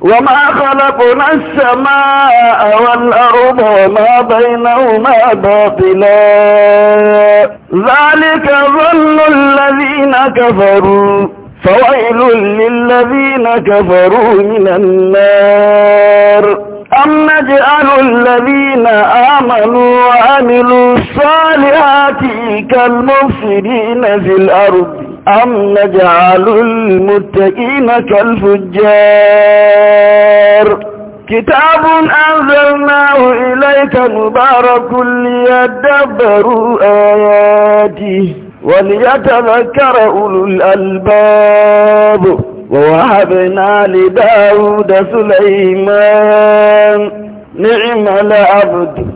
وما خلقنا السماء والأرض وما بينهما باطلا ذلك ظل الذين كفروا فويل للذين كفروا من النار أم نجعل الذين آمنوا وعملوا الصالحات كالمفسدين في الأرض أم نجعل المتقين كالفجار كتاب أنزلناه إليك مبارك ليدبروا آياته وليتذكر أولو الألباب ووهبنا لداود سليمان نعم العبد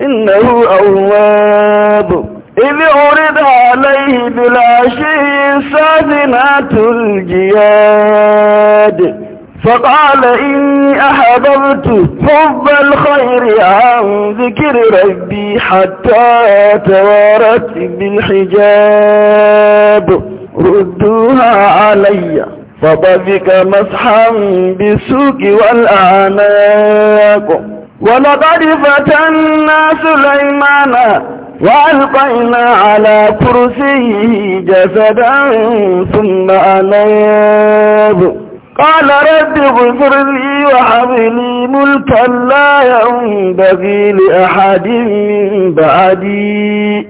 إنه أواب إذ أرد عليه بالعشي سادنات الجياد فقال إني أحببت حب الخير عن ذكر ربي حتى توارت بالحجاب ردوها علي فضفك مسحا بالسوق والأعناق ولقد فتنا سليمان وألقينا على كرسيه جسدا ثم أناب قال رب اغفر لي وهب لي ملكا لا ينبغي لأحد من بعدي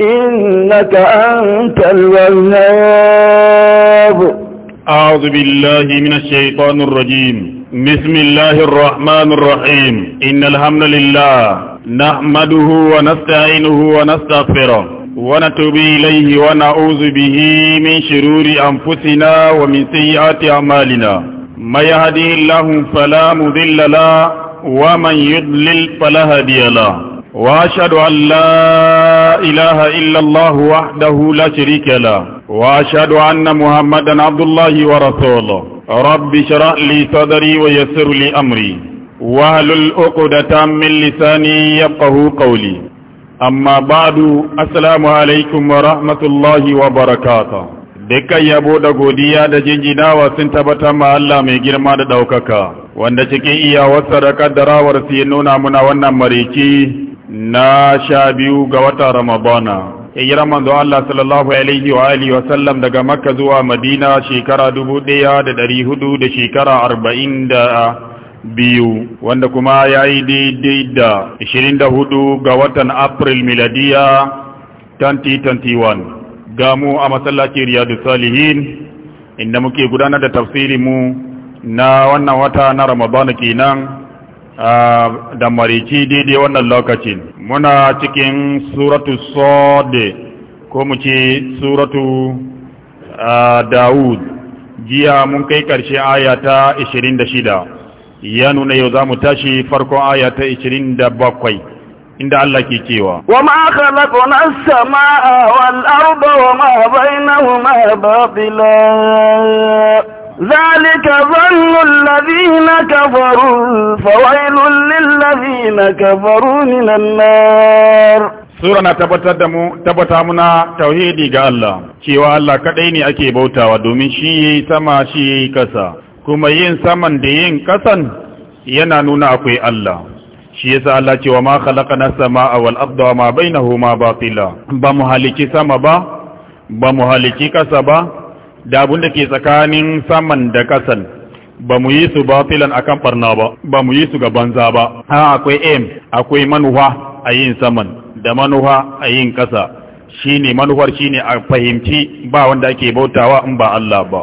إنك أنت الوهاب أعوذ بالله من الشيطان الرجيم بسم الله الرحمن الرحيم إن الحمد لله نحمده ونستعينه ونستغفره ونتوب إليه ونعوذ به من شرور أنفسنا ومن سيئات أعمالنا ما يهدي الله فلا مضل له ومن يضلل فلا هادي له وأشهد أن لا إله إلا الله وحده لا شريك له وأشهد أن محمدا عبد الله ورسوله رب شرح لي صدري ويسر لي أمري wahlul uqdatan min lisani yafqahu qawli amma ba'du assalamu alaikum wa rahmatullahi wa barakatuh dukkan yabo da godiya da jinjinawa sun tabbatar ma Allah mai girma da ɗaukaka. wanda cikin iyawarsa da kaddarawar su nuna muna wannan mariki na sha biyu ga wata ramadana hijirar manzo Allah sallallahu alaihi wa daga Makka zuwa Madina shekara 1400 da shekara 40 da biyu wanda kuma ya yi daidai da 24 ga watan april miladiya 2021 mu a masallacin riyadu salihin inda muke gudanar da tafsirinmu na wannan wata na ramadana kenan da marici daidai wannan lokacin muna cikin suratu sode ko mu ce suratu daud jiya mun kai karshe aya ta 26 ya nuna yau za mu tashi farkon aya ta 27 inda Allah ke cewa wa ma khalaqna as-samaa wal arda wa ma bainahuma batila zalika dhannu alladhina kafaru fawailul lilladhina kafaru minan nar Sura na tabbatar da mu tabbata muna tauhidi ga Allah cewa Allah kadai ne ake bautawa domin shi yayi sama shi yayi kasa kuma yin saman da yin ƙasan yana nuna akwai Allah shi yasa Allah cewa ma khalaqana samaa wal arda wa ma bainahuma batila ba mu haliki sama ba ba mu haliki ƙasa ba da abin da ke tsakanin saman da ƙasan ba mu yi su batilan akan barna ba ba mu yi su ga banza ba ha akwai aim akwai manufa a yin saman da manufa a yin ƙasa shine manufar shine a fahimci ba wanda ake bautawa in ba Allah ba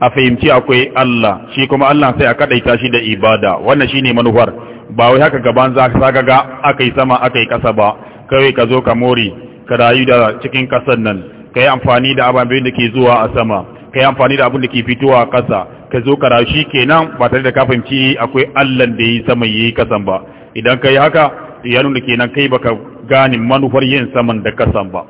a fahimci akwai Allah shi kuma Allah sai a kadaita shi da ibada wannan shine manufar ba wai haka gaban za ka ga akai sama akai kasa ba kawai ka zo ka mori ka rayu da cikin kasan nan kai yi amfani da ababen da ke zuwa a sama ka amfani da abin da ke fitowa a kasa ka zo ka rashi kenan ba tare da ka fahimci akwai Allah da yi sama yayi kasan ba idan ka haka ya nuna kenan kai baka gane manufar yin saman da kasan ba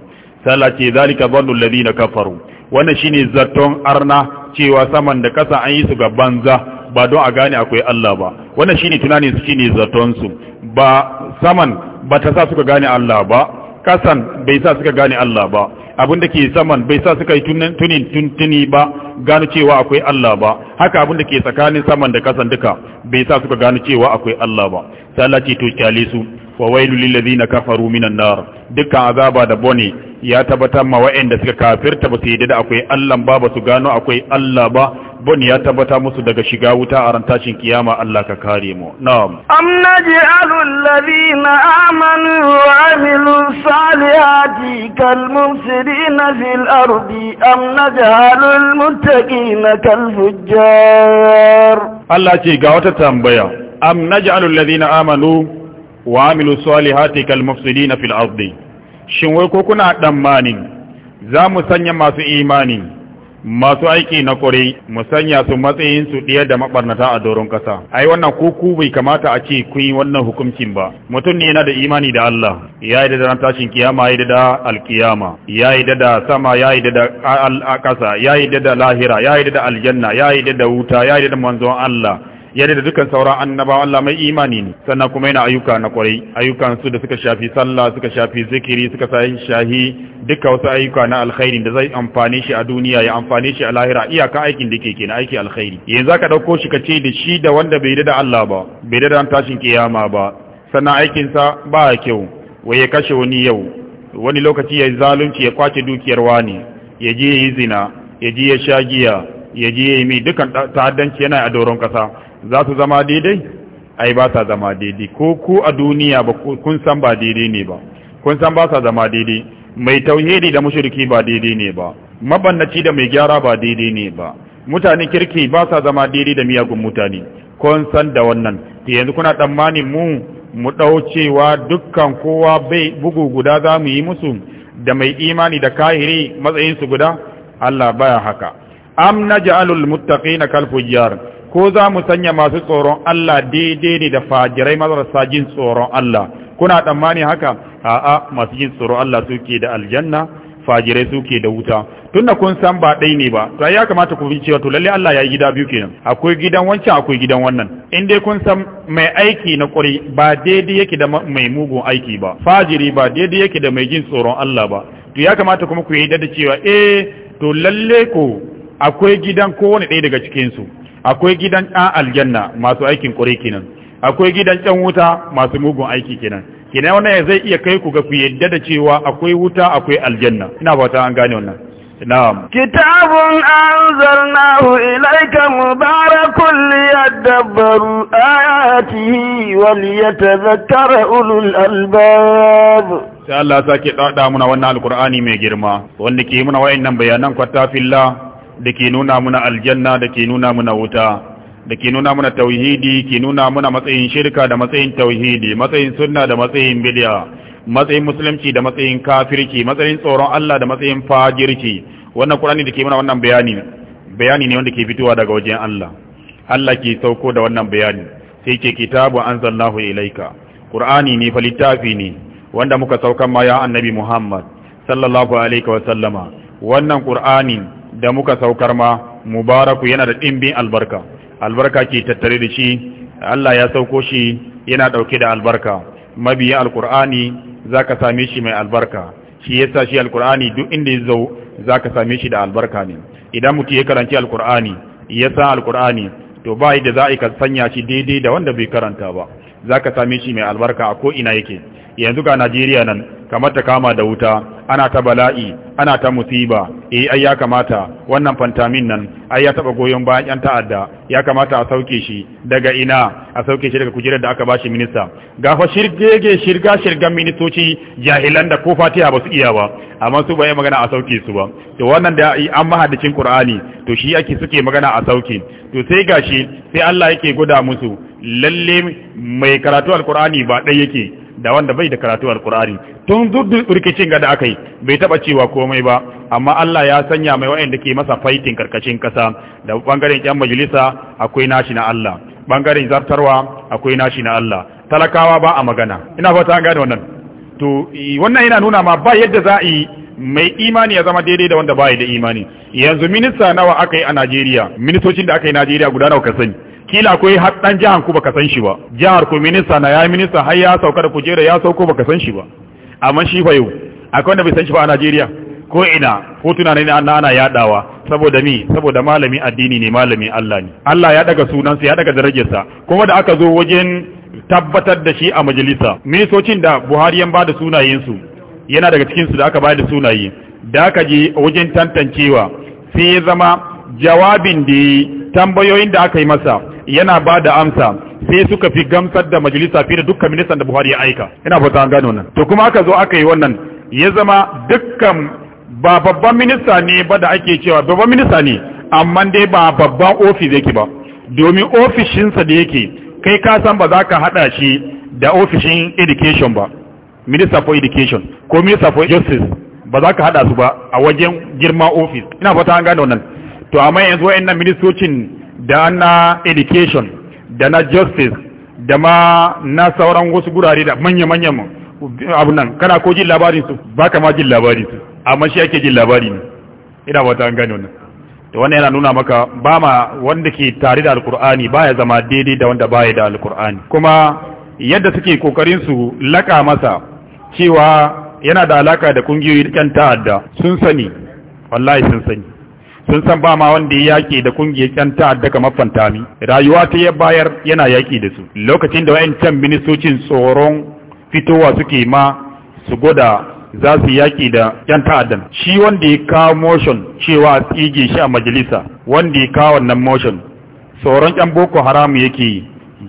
sai zalika dhannu alladhina kafaru wannan shine zaton arna cewa saman da kasa an yi su ga banza ba don a gane akwai Allah ba wannan shine tunanin su shine zaton su ba saman ba ta sa suka gane Allah ba kasan bai sa suka gane Allah ba abin da ke saman bai sa suka yi tunin tuntuni ba gano cewa akwai Allah ba haka abin da ke tsakanin saman da kasan duka bai sa suka gano cewa akwai Allah ba sai Allah ce to kyale su wa wailul lil ladina kafaru minan nar dukkan azaba da bone ya tabbatar ma wa'anda suka kafirta ba su yi da akwai Allah ba ba su gano akwai Allah ba bone ya tabbata musu daga shiga wuta a rantashin kiyama Allah ka kare mu na'am am naj'alul ladina amanu wa amilus salihati kal mufsidina fil ardi am naj'alul muttaqina kal fujjar Allah ce ga wata tambaya am naj'alul ladina amanu wa amilu salihati kal mufsidina fil ardi shin wai ko kuna tsammanin za mu sanya masu imani masu aiki na kwarai mu sanya su matsayin su ɗaya da mabarnata a doron kasa ai wannan ko bai kamata a ce ku yi wannan hukuncin ba mutum ne yana da imani da Allah ya yi da ran tashin kiyama ya yi da alkiyama ya yi da sama ya yi da ƙasa ya yi da lahira ya yi da aljanna ya yi da wuta ya yi da manzon Allah yadda da dukkan sauran annaba Allah mai imani ne sannan kuma yana ayyuka na kwarai ayyukan su da suka shafi sallah suka shafi zikiri suka sai shahi duka wasu ayyuka na alkhairi da zai amfane shi a duniya ya amfane shi a lahira iyaka aikin da ke kenan aiki alkhairi yanzu ka dauko shi ka ce da shi da wanda bai da Allah ba bai da tashin kiyama ba sannan sa ba kyau wai ya kashe wani yau wani lokaci ya zalunci ya kwace dukiyar wani ya je yi zina ya je ya sha giya ya je ya yi mai dukan ta'addanci yana a doron kasa za su zama daidai ai ba ta zama daidai ko ku a duniya ba kun san ba daidai ne ba kun san ba sa zama daidai mai tauhidi da mushriki ba daidai ne ba mabannaci da mai gyara ba daidai ne ba mutane kirki ba sa zama daidai da miyagun mutane kun san da wannan Ta yanzu kuna tsammanin mu mu ɗaucewa dukkan kowa bai bugu guda za mu yi musu da mai imani da kahiri matsayinsu guda Allah baya haka am ja'alul muttaqina kal fujjar ko za mu sanya masu tsoron Allah daidai ne da fajirai marasa jin tsoron Allah kuna tsammani haka a'a masu jin tsoron Allah suke da aljanna fajirai suke da wuta tunda kun san ba ɗai ne ba to ya kamata ku bi cewa to lalle Allah ya yi gida biyu kenan akwai gidan wancan akwai gidan wannan in dai kun san mai aiki na ƙuri ba daidai yake da mai mugun aiki ba fajiri ba daidai yake da mai jin tsoron Allah ba to ya kamata kuma ku yi da cewa eh to lalle ko akwai gidan kowane ɗaya daga cikin su akwai gidan ɗan aljanna masu aikin ƙure kenan akwai gidan ɗan wuta masu mugun aiki kenan kenan wannan zai iya kai ku ga ku yadda da cewa akwai wuta akwai aljanna ina fata an gane wannan kitabun anzalnahu ilayka إليك liyadabbaru ayatihi آياته وليتذكر أولو الألباب sai Allah sake dada muna wannan alqur'ani mai girma wanda ke muna wayannan bayanan kwata fillah da ke nuna muna aljanna da ke nuna muna wuta da ke nuna muna tauhidi ke nuna muna matsayin shirka da matsayin tauhidi matsayin sunna da matsayin bid'a matsayin musulunci da matsayin kafirci matsayin tsoron Allah da matsayin fajirci wannan Qur'ani da ke muna wannan bayani bayani ne wanda ke fitowa daga wajen Allah Allah ke sauko da wannan bayani sai ke kitabu anzalallahu ilaika Qur'ani ne fa littafi ne wanda muka saukan ma ya annabi Muhammad sallallahu alaihi wa sallama wannan Qur'anin da muka saukar ma mubaraku yana da ɗimbin albarka albarka ke tattare da shi Allah ya sauko shi yana ɗauke da albarka mabiya alkur'ani za ka same shi mai albarka shi yasa shi alkur'ani duk inda ya zau za ka same shi da albarka ne idan mutu ya karanci alkur'ani ya san alkur'ani to ba da za a ka sanya shi daidai da wanda bai karanta ba za ka same shi mai albarka a ko ina yake yanzu ga najeriya nan kamar ta kama da wuta ana ta bala'i ana ta musiba eh ai ya kamata wannan fantamin nan ai ya taba goyon bayan yan ta'adda ya kamata a sauke shi daga ina a sauke shi daga kujerar da aka bashi minista gafa shirgege shirga shirgan ministoci jahilan da ko fatiha ba su iya ba amma su bai magana a sauke su ba to wannan da an mahaddacin qur'ani to shi ake suke magana a sauke to sai gashi sai Allah yake gwada musu lalle mai karatu alqur'ani ba dai yake da wanda bai da karatu alkur'ani tun duk rikicin ga da aka yi bai taba cewa komai ba amma Allah ya sanya mai wa'anda ke masa faitin karkashin kasa da bangaren yan majalisa akwai nashi na Allah bangaren zartarwa akwai nashi na Allah talakawa ba a magana ina fata an gane wannan to wannan yana nuna ma ba yadda za a yi mai imani ya zama daidai da wanda baya da imani yanzu minista nawa aka yi a Najeriya ministocin da aka yi Najeriya guda nawa ka sani kila akwai haɗɗan jihar ku baka san shi ba jihar ku minista na yayi minista har ya sauka da kujera ya sauko baka san shi ba amma shi fa yau akwai wanda bai san shi ba a Najeriya ko ina hotuna ne na ana yadawa saboda mi saboda malami addini ne malami Allah ne Allah ya daga sunansa ya daga darajarsa kuma da aka zo wajen tabbatar da shi a majalisa ministocin da Buhari yan ba da sunayensu yana daga cikin su da aka bayar da sunaye da aka je wajen tantancewa sai ya zama jawabin da tambayoyin da aka yi masa yana ba da amsa sai suka fi gamsar da majalisa fiye da dukkan ministan da Buhari ya aika ina fata an gano nan to kuma aka zo aka yi wannan ya zama dukkan ba babban minista ne ba da ake cewa babban minista ne amma dai ba babban ofis yake ba domin ofishinsa da yake kai ka san ba za ka haɗa shi da ofishin education ba minister for education ko minister for justice ba za ka hada su ba a wajen girma office ina fata an gane wannan to amma yanzu wayannan ministocin da na education da na justice da ma na sauran wasu gurare da manya-manyan mu abu nan kana ko jin labarin su ba ka ma jin labarin su amma shi ake jin labari ne ina fata an gane wannan to wannan yana nuna maka ba ma wanda ke tare da alkur'ani baya zama daidai da wanda baya da alkur'ani kuma yadda suke kokarin su laka masa cewa yana da alaka da kungiyoyi kyan ta'adda sun sani wallahi sun sani sun san ba ma wanda ya yaƙi da kungiyar ƴan ta'adda kamar fantami rayuwa ta ya bayar yana yaƙi da su lokacin da wayancan ministocin tsoron fitowa suke ma su goda za su yaƙi da ƴan ta'addan shi wanda ya kawo motion cewa tsige shi a majalisa wanda ya kawo wannan motion tsoron ƴan boko haram yake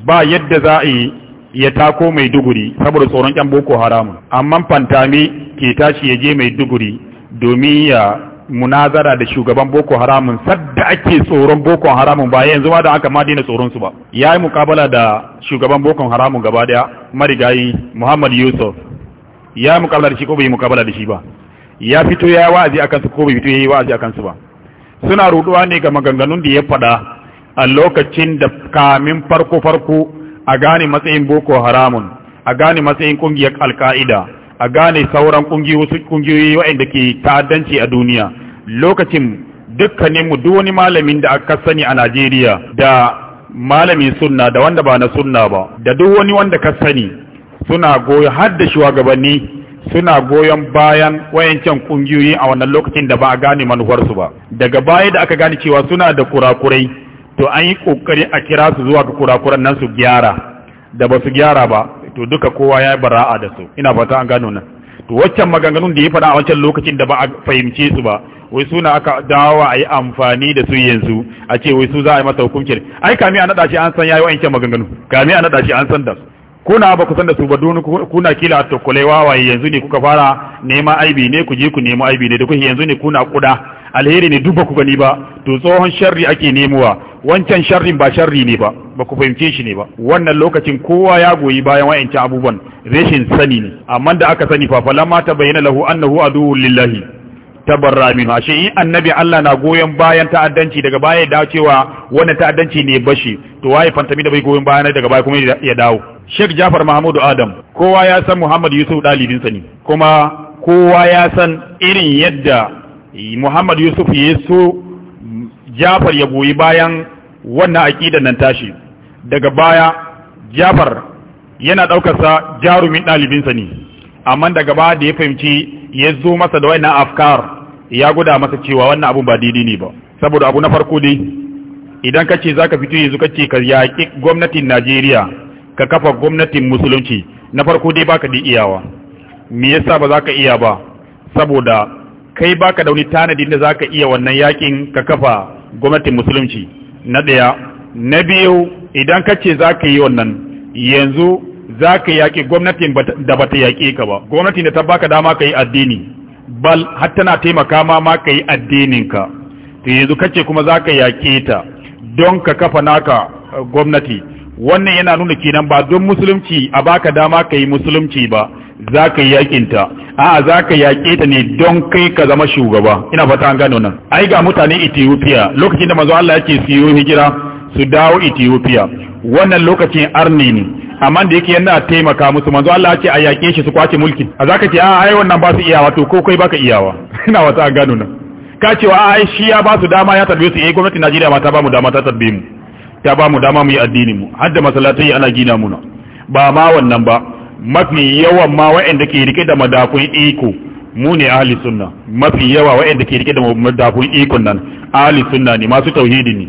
ba yadda za a yi ya tako mai duguri saboda tsoron kyan boko haramun amma fantami ke tashi ya je mai duguri domin ya munazara da shugaban boko haramun sadda ake tsoron boko haramun ba yanzu ma da aka ma daina tsoron su ba ya yi mukabala da shugaban boko haramun gaba daya marigayi muhammad yusuf ya yi mukabala da shi ko bai yi mukabala da shi ba ya fito ya yi wa'azi akan su ko bai fito ya yi wa'azi akan su ba suna ruduwa ne ga maganganun da ya faɗa a lokacin da kamin farko farko a gane matsayin boko haramun a gane matsayin kungiyar alka'ida a gane sauran kungiyoyi waɗanda ke ta'addanci a duniya lokacin dukkaninmu duk wani malamin da aka sani a Najeriya da malamin sunna da wanda ba na sunna ba da duk wani wanda ka sani suna goyon har da shugabanni suna goyon bayan wayancan kungiyoyi a wannan lokacin da ba a gane manufarsu ba daga baya da aka gane cewa suna da kurakurai to an yi kokari a kira su zuwa ga kurakuran nan su gyara da ba su gyara ba to duka kowa ya yi bara'a da su ina fata an gano nan to waccan maganganun da ya faɗa a wancan lokacin da ba a fahimce su ba wai suna aka dawowa a yi amfani da su yanzu a ce wai su za a yi masa hukuncin ai kami a naɗa shi an san yayi wa'ancan maganganu kami a naɗa shi an san da su kuna ba ku san da su ba ku kuna kila to kulai wawaye yanzu ne kuka fara nema aibi ne ku je ku nemo aibi ne da kuke yanzu ne kuna kuda alheri ne duk ba ku gani ba to tsohon sharri ake nemowa wancan sharrin ba sharri ne ba ba ku fahimce shi ne ba wannan lokacin kowa ya goyi bayan wa'ancan abubuwan rashin sani ne amma da aka sani fa falamma tabayyana lahu annahu aduwwu lillahi tabarra minhu ashe in annabi Allah na goyon bayan ta'addanci daga baya ya dacewa wannan ta'addanci ne bashi to waye fantami da bai goyon bayan daga baya kuma ya dawo Sheikh Jafar mahamudu Adam kowa ya san Muhammad Yusuf dalibinsa ne kuma kowa ya san irin yadda Eh, Muhammad Yusuf ya so Jafar ya goyi bayan wannan aƙidar nan tashi daga baya Jafar yana ɗaukarsa jarumin ɗalibinsa ne amma daga baya da ya fahimci ya zo masa da wannan afkar ya guda masa cewa wannan abun ba daidai ne ba saboda abu na farko dai idan ka ce za ka fito yanzu ka ce ka yaƙi gwamnatin Najeriya ka kafa gwamnatin musulunci na farko dai baka da iyawa me yasa ba za ka iya ba saboda kai baka da wani tanadi da zaka iya wannan yakin ka kafa gwamnatin musulunci na daya na biyu idan ka ce zaka yi wannan yanzu zaka yaki gwamnatin da bata yake ka ba gwamnatin da ta baka dama kai addini bal har tana taimaka ma ma kai addinin ka to yanzu kace kuma zaka yake ta don ka kafa naka eh, gwamnati wannan yana nuna kenan ba don musulunci a baka dama kai musulunci ba za ka yaƙin ta a za ka yaƙe ta ne don kai ka zama shugaba ina fata an gano nan ai ga mutane Ethiopia lokacin da manzo Allah yake siyo hijira su dawo Ethiopia wannan lokacin arni ne amma da yake yana taimaka musu manzo Allah ya ce a yaƙe shi su kwace mulki a za ka ce a ai wannan ba su iyawa wato ko kai baka iyawa ina wata an gano nan ka ce wa ai shi ya ba su dama ya tarbe su eh gwamnatin Najeriya ma ta ba mu dama ta tarbe mu ta ba mu dama mu yi addinin mu har da masallatai ana gina muna ba ma wannan ba mafi yawan ma wa'anda ke rike da madafun iko mu ne ahli sunna mafi yawa wa'anda ke rike da madafun ikon nan ahli sunna ne masu tauhidi ne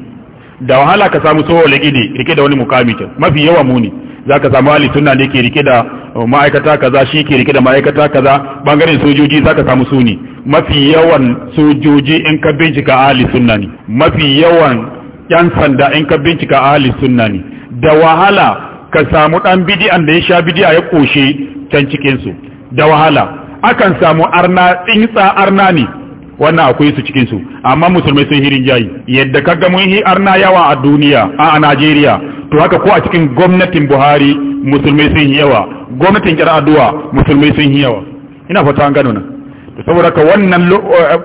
da wahala ka samu sowa lagidi rike da wani mukami ke mafi yawa mu ne za ka samu ahli sunna ne ke rike da uh, ma'aikata kaza shi ke rike da ma'aikata kaza bangaren sojoji za ka samu su ne mafi yawan sojoji in ka bincika ahli sunna ne mafi yawan yan sanda in ka bincika ahli sunna ne da wahala ka samu ɗan bidiyan da ya sha bidi'a ya ƙoshe can cikinsu da wahala akan samu arna tsintsa arna ne wannan akwai su cikinsu amma musulmai sun hirin jayi yadda ka ga mun hi arna yawa a duniya a Najeriya to haka ko a cikin gwamnatin Buhari musulmai sun yi yawa gwamnatin addua musulmai sun yi yawa ina fata an gano nan saboda ka wannan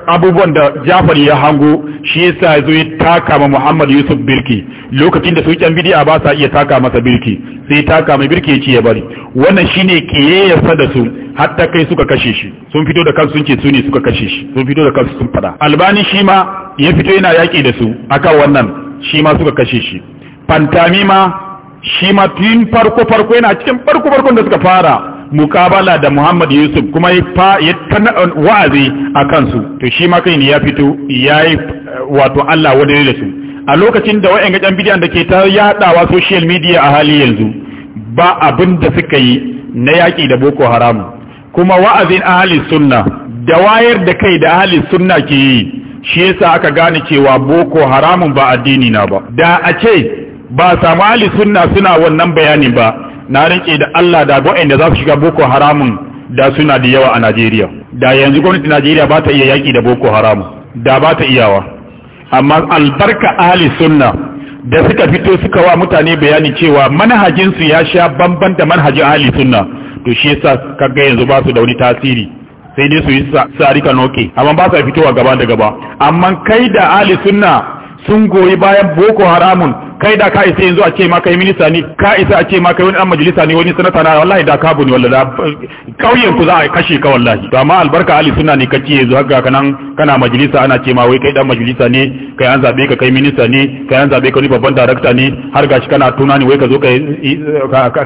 abubuwan da Jafar ya hango shi yasa zo ya taka ma Muhammad Yusuf birki lokacin da su kyan bidiya ba sa iya taka masa birki sai taka mai birki ce ya bari wannan shine kiyayyarsa da su hatta kai suka kashe shi sun fito da kansu sun ce su ne suka kashe shi sun fito da kansu sun fada albani shi ma ya fito yana yaki da su akan wannan shi ma suka kashe shi fantami ma shi ma tun farko farko yana cikin farko farkon da suka fara mukabala da Muhammad Yusuf kuma ya wa'azi a kansu to shi ma kai ne ya fito yayi eh, wato Allah wani da su a lokacin da wa'yan gajen bidiyan da ke ta yadawa social media a hali yanzu ba abin da suka yi na yaƙi da boko haram kuma wa'azin ahli sunna da wayar da kai da ahli sunna ke yi shi yasa aka gane cewa boko haramun ba addini na ba da a ce ba samu ahli sunna suna wannan bayanin ba na rike da Allah da waɗanda za su shiga boko haramun da suna da yawa a Najeriya da yanzu gwamnati Najeriya ba ta iya yaki da boko haramun da ba ta iyawa amma albarka ali sunna da suka fito suka wa mutane bayani cewa manhajin ya sha bamban da manhajin ali sunna to shi yasa kaga yanzu ba su da wani tasiri sai dai su yi sarika noke amma ba su fitowa gaba da gaba amma kai da ahli sunna sun goyi bayan boko haramun kai da ka isa yanzu a ce ma kai minista ne ka isa a ce ma kai wani dan majalisa ne wani sanata na wallahi da kabu ne wallahi kauyen ku za a kashe ka wallahi to amma albarka ali suna ne kace yanzu haka kanan kana majalisa ana ce ma wai kai dan majalisa ne kai an zabe ka kai minista ne kai an zabe ka ni babban darakta ne har gashi kana tuna ne wai ka zo kai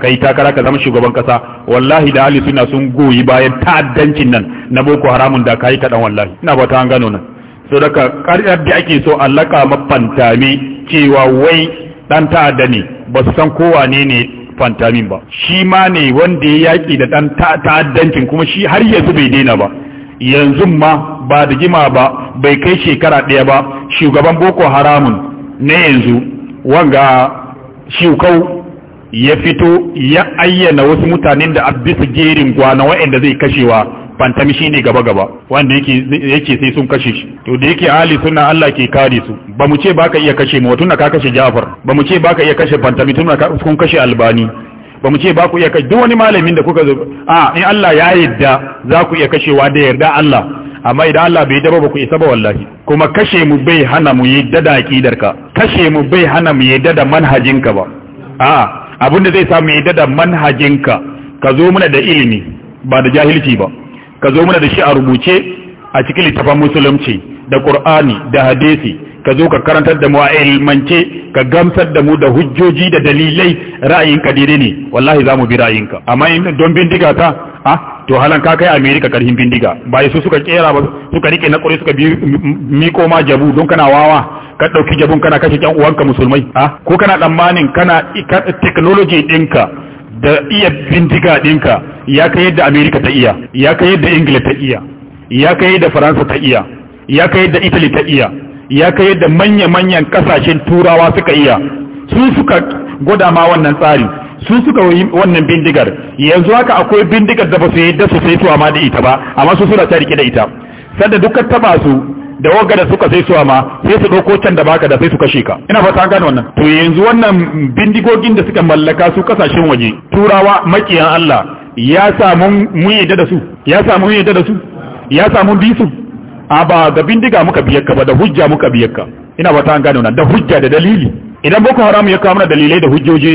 kai takara ka zama shugaban kasa wallahi da ali suna sun goyi bayan ta'addancin nan na boko haramun da kai dan wallahi ina ba ta an gano nan so daga ƙaryar da ake so allaka mafantami cewa wai dan ta'adda ne ba su san kowa ne ne fantamin ba shi ma ne wanda ya yaƙi da dan ta'addancin kuma shi har yanzu bai daina ba yanzu ma ba da jima ba bai kai shekara ɗaya ba shugaban boko haramun na yanzu wanga shukau ya fito ya ayyana wasu mutanen da abisa jerin gwana wa'anda zai kashewa fantami shine gaba gaba wanda yake sai sun kashe shi to da yake ali suna Allah ke kare su ba mu ce baka iya kashe mu tunda ka kashe Ja'far ba mu ce baka iya kashe fantami tunda ka kun kashe Albani ba mu ce ba ku iya kashe duk wani malamin da kuka zo a in Allah ya yarda za ku iya kashewa da yarda Allah amma idan Allah bai yarda ba ku isa ba wallahi kuma kashe mu bai hana mu yarda da ka. kashe mu bai hana mu yarda da ka ba a abin da zai sa mu yarda da ka ka zo muna da ilimi ba da jahilci ba ka zo mana da shi a rubuce a cikin littafin musulunci da ƙur'ani da hadisi ka zo ka karantar da mu a ilmance ka gamsar da mu da hujjoji da dalilai ra'ayin kadiri ne wallahi za mu bi ra'ayinka amma in don bindiga ta a to halan ka kai america karhin bindiga ba su suka kera ba suka rike na suka bi miko ma jabu don kana wawa ka ɗauki jabun kana kashe ƴan uwanka musulmai ko kana tsammanin kana technology ɗinka da iya bindiga ɗinka ya kai yadda amerika ta iya ya kai yadda ingila ta iya ya kai yadda faransa ta iya ya kai yadda italy ta iya ya kai yadda manya-manyan kasashen turawa suka iya su suka gwada ma wannan tsari su suka yi wannan bindigar yanzu haka akwai bindigar da ba su da su sai su amma da ita ba amma su suna ta da ita sanda dukkan taba su da wagga da suka sai suwa ma sai su ɗauko can da baka da sai su kashe ka ina fata an gane wannan to yanzu wannan bindigogin da suka mallaka su kasashen waje turawa makiyan Allah ya samu mun yadda da su ya samu mun yadda da su ya samu su? a ba ga bindiga muka biyar ka ba da hujja muka biyar ka ina fata an gane wannan da hujja da dalili idan boko haram ya kawo mana dalilai da hujjoji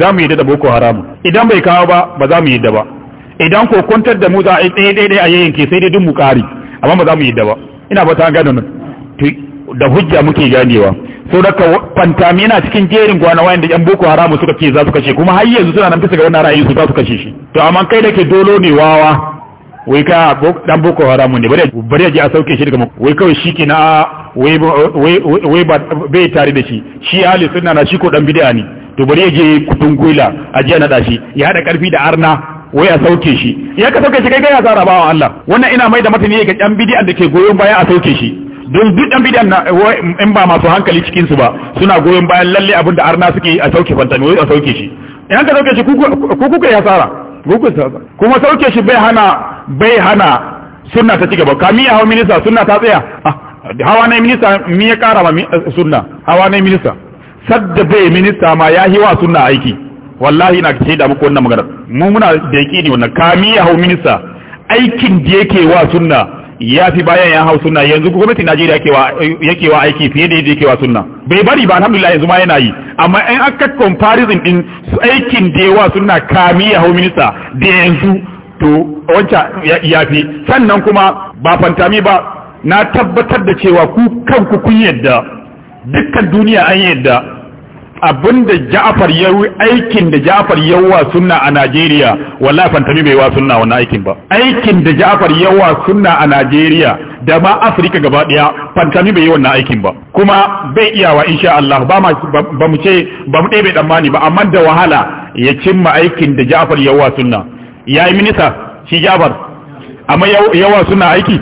za mu yadda da boko haram idan bai kawo ba ba za mu yadda ba idan ko kwantar da mu za a yi ɗaya ɗaya a ke sai dai dun mu ƙari amma ba za mu yadda ba ina ba ta gano nan da hujja muke ganewa sau da mai yana cikin jerin gwana wayan da yan boko haramu suka ce za su kashe kuma har yanzu suna nan bisa ga wannan ra'ayi su za su kashe shi to amma kai da ke dolo ne wawa wai ka dan boko haramu ne bari ya je a sauke shi daga wai kawai shi ke na wai bai tare da shi shi ali sunna na shi ko dan bid'a ne to bari ya je kutun gwila a jiya shi ya haɗa ƙarfi da arna wai a sauke shi ya ka sauke shi kai ga zara bawa Allah wannan ina mai da matani ga yan bidiyan da ke goyon baya a sauke shi don duk yan bidiyan in ba masu hankali cikin su ba suna goyon bayan lalle abin da arna suke a sauke fantani wai a sauke shi idan ka sauke shi ku kuka ya tsara kuma sauke shi bai hana bai hana sunna ta cigaba kami ya hawa minista sunna ta tsaya ah, hawa na minista mi ya kara ma eh, sunna hawa na minista sadda bai minista ma ya hiwa sunna aiki wallahi na da muku wannan magana mu muna da ne wannan kami ya hau minista aikin da yake wa sunna ya fi bayan ya hau sunna yanzu gwamnati Najeriya yake wa yake wa aiki fiye da yake wa sunna bai bari ba alhamdulillah yanzu ma yana yi amma in aka comparison din aikin da ya wa sunna kami ya hau minista da yanzu to wancan ya fi sannan kuma ba fantami ba na tabbatar da cewa ku kanku kun yadda dukkan duniya an yadda da Ja'far ya yi aikin da Ja'far wa sunna a Najeriya wallahi fantami bai wa sunna wannan aikin ba aikin da Ja'far wa sunna a Najeriya da ma Afirka gaba daya fantami bai yi wannan aikin ba kuma bai iyawa insha Allah ba ma ba mu ce ba mu ɗebe tsammani ba amma da wahala ya cimma aikin da Ja'far wa sunna yayi minista shi Ja'far amma wa sunna aiki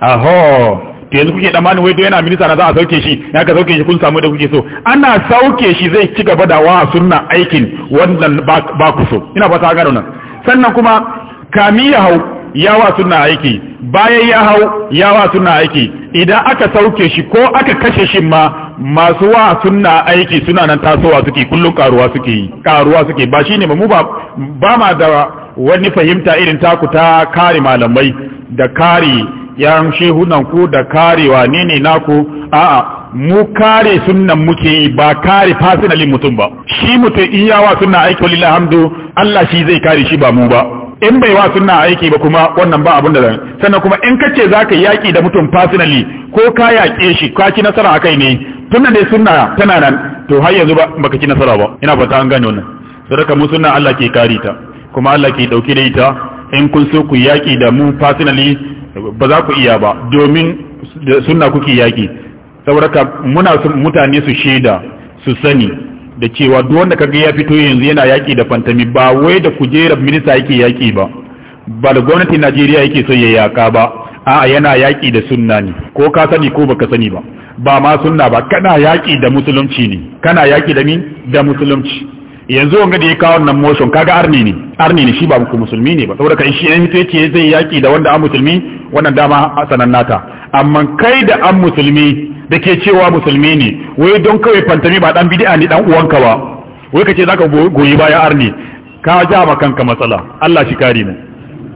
aho to yanzu kuke tsammanin wai don yana minista na za a sauke shi ya ka sauke shi kun samu da kuke so ana sauke shi zai ci gaba da wa sunna aikin wannan ba ku so ina ta gano nan sannan kuma kami ya hau ya wa sunna aiki bayan ya hau ya wa sunna aiki idan aka sauke shi ko aka kashe shi ma masu wa sunna aiki suna nan tasowa suke kullum karuwa suke karuwa suke ba shine mu ba ba ma da wani fahimta irin taku ta kare malamai da kare yan ku da karewa ne ne naku a'a mu kare sunnan muke yi ba kare fasinalin mutum ba shi mutum in yawa sunna aiki walillahi hamdu Allah shi zai kare shi ba mu ba in bai wa sunna aiki ba kuma wannan ba abin da zan sannan kuma in kace ka yaƙi da mutum fasinali ko ka yaƙe shi ka ci nasara a kai ne tunda dai sunna tana nan to har yanzu ba baka ci nasara ba ina fata an gane wannan sadaka mu sunna Allah ke kare ta kuma Allah ke dauke da ita in kun so ku yaƙi da mu fasinali ba za ku iya ba domin suna kuke yaƙi saboda muna mutane su shaida su sani da cewa duk wanda kaga ya fito yanzu yana yaƙi da fantami ba wai da kujerar minista yake yaƙi ba ba da gwamnati Najeriya yake so ya yaƙa ba a'a yana yaƙi da sunna ne ko ka sani ko baka sani ba ba ma sunna ba kana yaƙi da musulunci ne kana yaƙi da min da musulunci yanzu wanga da ya kawo wannan motion kaga arni ne arni ne shi ba ku musulmi ne ba saboda kai shi an fito yace zai yaki da wanda an musulmi wannan dama sanan nata amma kai da an musulmi da ke cewa musulmi ne wai don kawai fantami ba dan bid'a ne dan uwanka ba wai kace zaka goyi baya arni ka ja ma kanka matsala Allah shi kare mu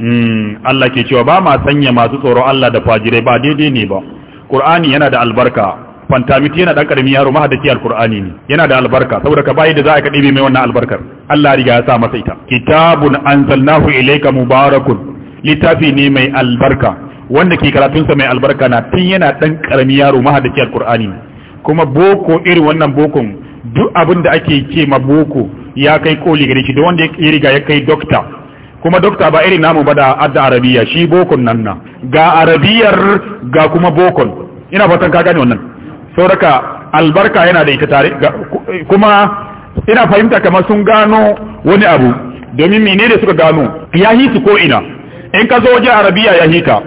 hmm, Allah ke cewa ba ma sanya masu tsoro Allah da fajirai ba daidai ne ba Qur'ani yana da albarka fantamiti yana dan karami yaro mahadaki alqur'ani ne yana da albarka saboda ka bayi da za ka dibe mai wannan albarkar Allah riga ya sa masa ita kitabun anzalnahu ilayka mubarakun littafi ne mai albarka wanda ke karatun sa mai albarka na tun yana dan karami yaro mahadaki alqur'ani ne kuma boko irin wannan bokon duk abin da ake ce ma boko ya kai koli gare shi da wanda ya riga ya kai dokta kuma dokta ba irin namu ba da adda arabiya shi bokon nan na ga arabiyar ga kuma bokon ina fatan ka gane wannan sauraka albarka yana da ita tare kuma ina fahimta kamar sun gano wani abu domin mene da suka gano ya hisu ko ina in ka zo wajen arabiya ya hika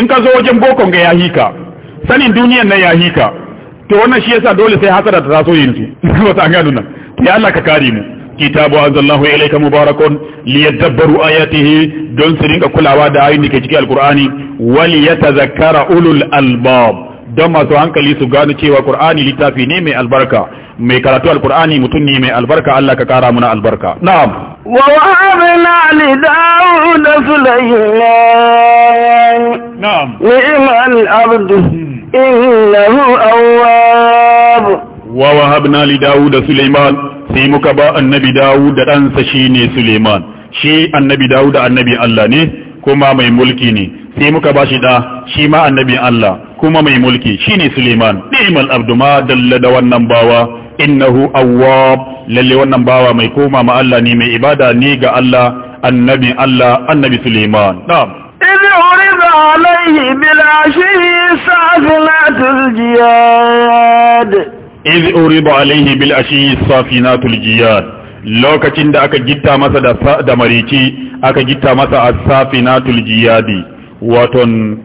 in ka zo wajen bokon ga ya hika sanin duniyan nan ya hika to wannan shi yasa dole sai hasara ta taso yanzu ba ta gano nan ya Allah ka kare mu kitabu anzalallahu ilayka mubarakun liyadabbaru ayatihi don su rinka kulawa da ayoyin da ke cikin alqur'ani wal yatazakkara ulul albab don masu hankali su gane cewa Qur'ani littafi ne mai albarka mai karatu alqur'ani mutum ne mai albarka Allah ka kara muna albarka na'am wa wa'abna li dawud sulayman na'am ni'mal abdu innahu awwab wa wahabna li dawud sulayman sai muka ba annabi dawud da ɗansa shine sulayman shi annabi dawud annabi Allah ne kuma mai mulki ne sai muka ba shi da shi ma annabin Allah kuma mai mulki shi ne Suleiman ni'mal abdu ma dalla da wannan bawa innahu awwab lalle wannan bawa mai koma ma Allah ne mai ibada ne ga Allah annabin Allah annabi Suleiman na'am عليه بالعشي الصافنات الجياد إذ أريد عليه بالعشي الصافنات الجياد lokacin da aka gitta masa da, da marici aka gitta masa a safinatul jiyadi waton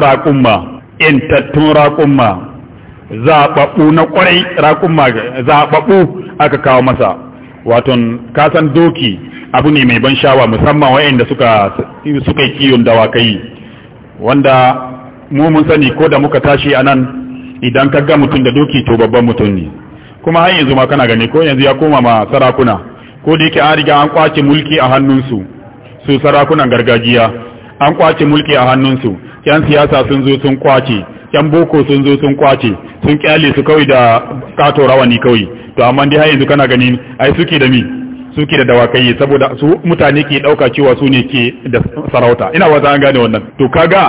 raƙumma in tattun raƙumma zaɓaɓɓu na ƙwarai raƙumma zaɓaɓɓu aka kawo masa waton kasan doki abu ne mai ban shawa musamman wanda suka suka kiyon dawakai wanda mu mun sani ko da muka tashi anan idan ka ga mutum da doki to babban mutum ne kuma har yanzu ma kana gani ko yanzu ya koma ma sarakuna ko da yake an riga an kwace mulki a hannunsu su sarakunan gargajiya an kwace mulki a hannunsu yan siyasa sun zo sun kwace yan boko sun zo sun kwace sun kyale su kawai da kato rawani kawai to amma dai har yanzu kana gani ai suke da mi suke da dawakai saboda su mutane ke dauka cewa su ne ke da sarauta ina wata an gane wannan to kaga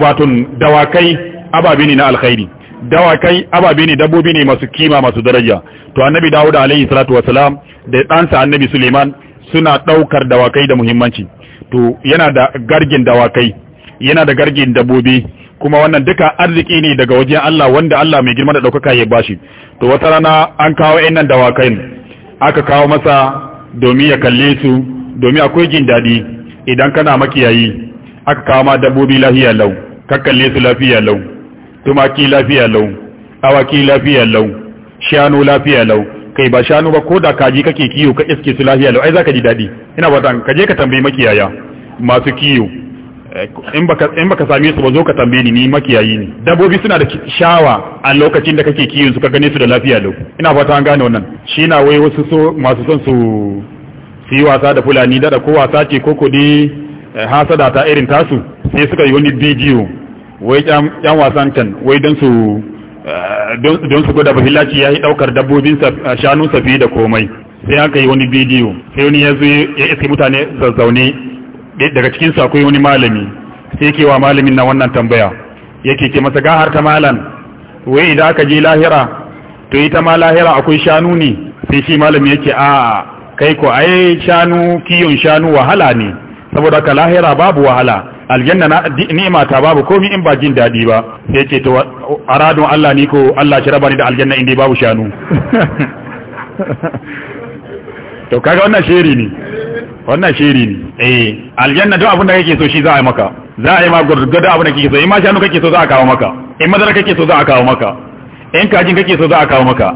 wato dawakai ababe ne na alkhairi dawakai ababe ne dabbobi ne masu kima masu daraja to annabi dawud alaihi salatu wasalam da ɗansa annabi suleiman suna ɗaukar dawakai da muhimmanci to yana da gargin dawakai yana da gargin dabbobi kuma wannan duka arziki ne daga wajen Allah wanda Allah mai girma da ɗaukaka ya bashi to wata rana an kawo nan dawakai aka kawo masa domin ya kalle su domin akwai jin daɗi idan kana makiyayi aka kawo ma dabbobi lafiya lau ka kalle su lafiya lau tumaki lafiya lau awaki lafiya lau shanu lafiya lau kai ba shanu ba ko da kaji kake kiyo ka iske su lafiya lau ai zaka ji dadi ina fatan ka je ka tambayi makiyaya masu kiyo eh, in baka in baka same su ba zo ka tambaye ni ni makiyayi ne Dabobi suna da shawa a lokacin da kake kiyo su ka gane su da lafiya lau ina fata an gane wannan shi na wai wasu so masu son su su yi wasa da fulani da ko wasa ce ko ko dai eh, hasada ta irin tasu sai suka yi wani bidiyo wai yan wasan can wai don su eh, don su gwada bahillaci ya yi daukar dabbobin eh, shanu safi da komai sai aka yi wani bidiyo sai wani ya zo ya iske mutane zazzaune daga cikin sa akwai wani malami sai yake wa malamin na wannan tambaya yake ce masa ga ta malan wai idan aka je lahira to ta ma lahira akwai shanu ne sai shi malami yake a kai ko ai shanu kiyon shanu wahala ne saboda ka lahira babu wahala aljanna na ni'ima ta babu komai in ba jin dadi ba sai ce to aradun Allah ni ko Allah shi raba ni da aljanna inda babu shanu to kaga wannan shiri ne wannan shiri ne eh aljanna duk abin da kake so shi za a yi maka za a yi ma gurgurda abin da kake so in ma shanu kake so za a kawo maka in madara kake so za a kawo maka in kajin kake so za a kawo maka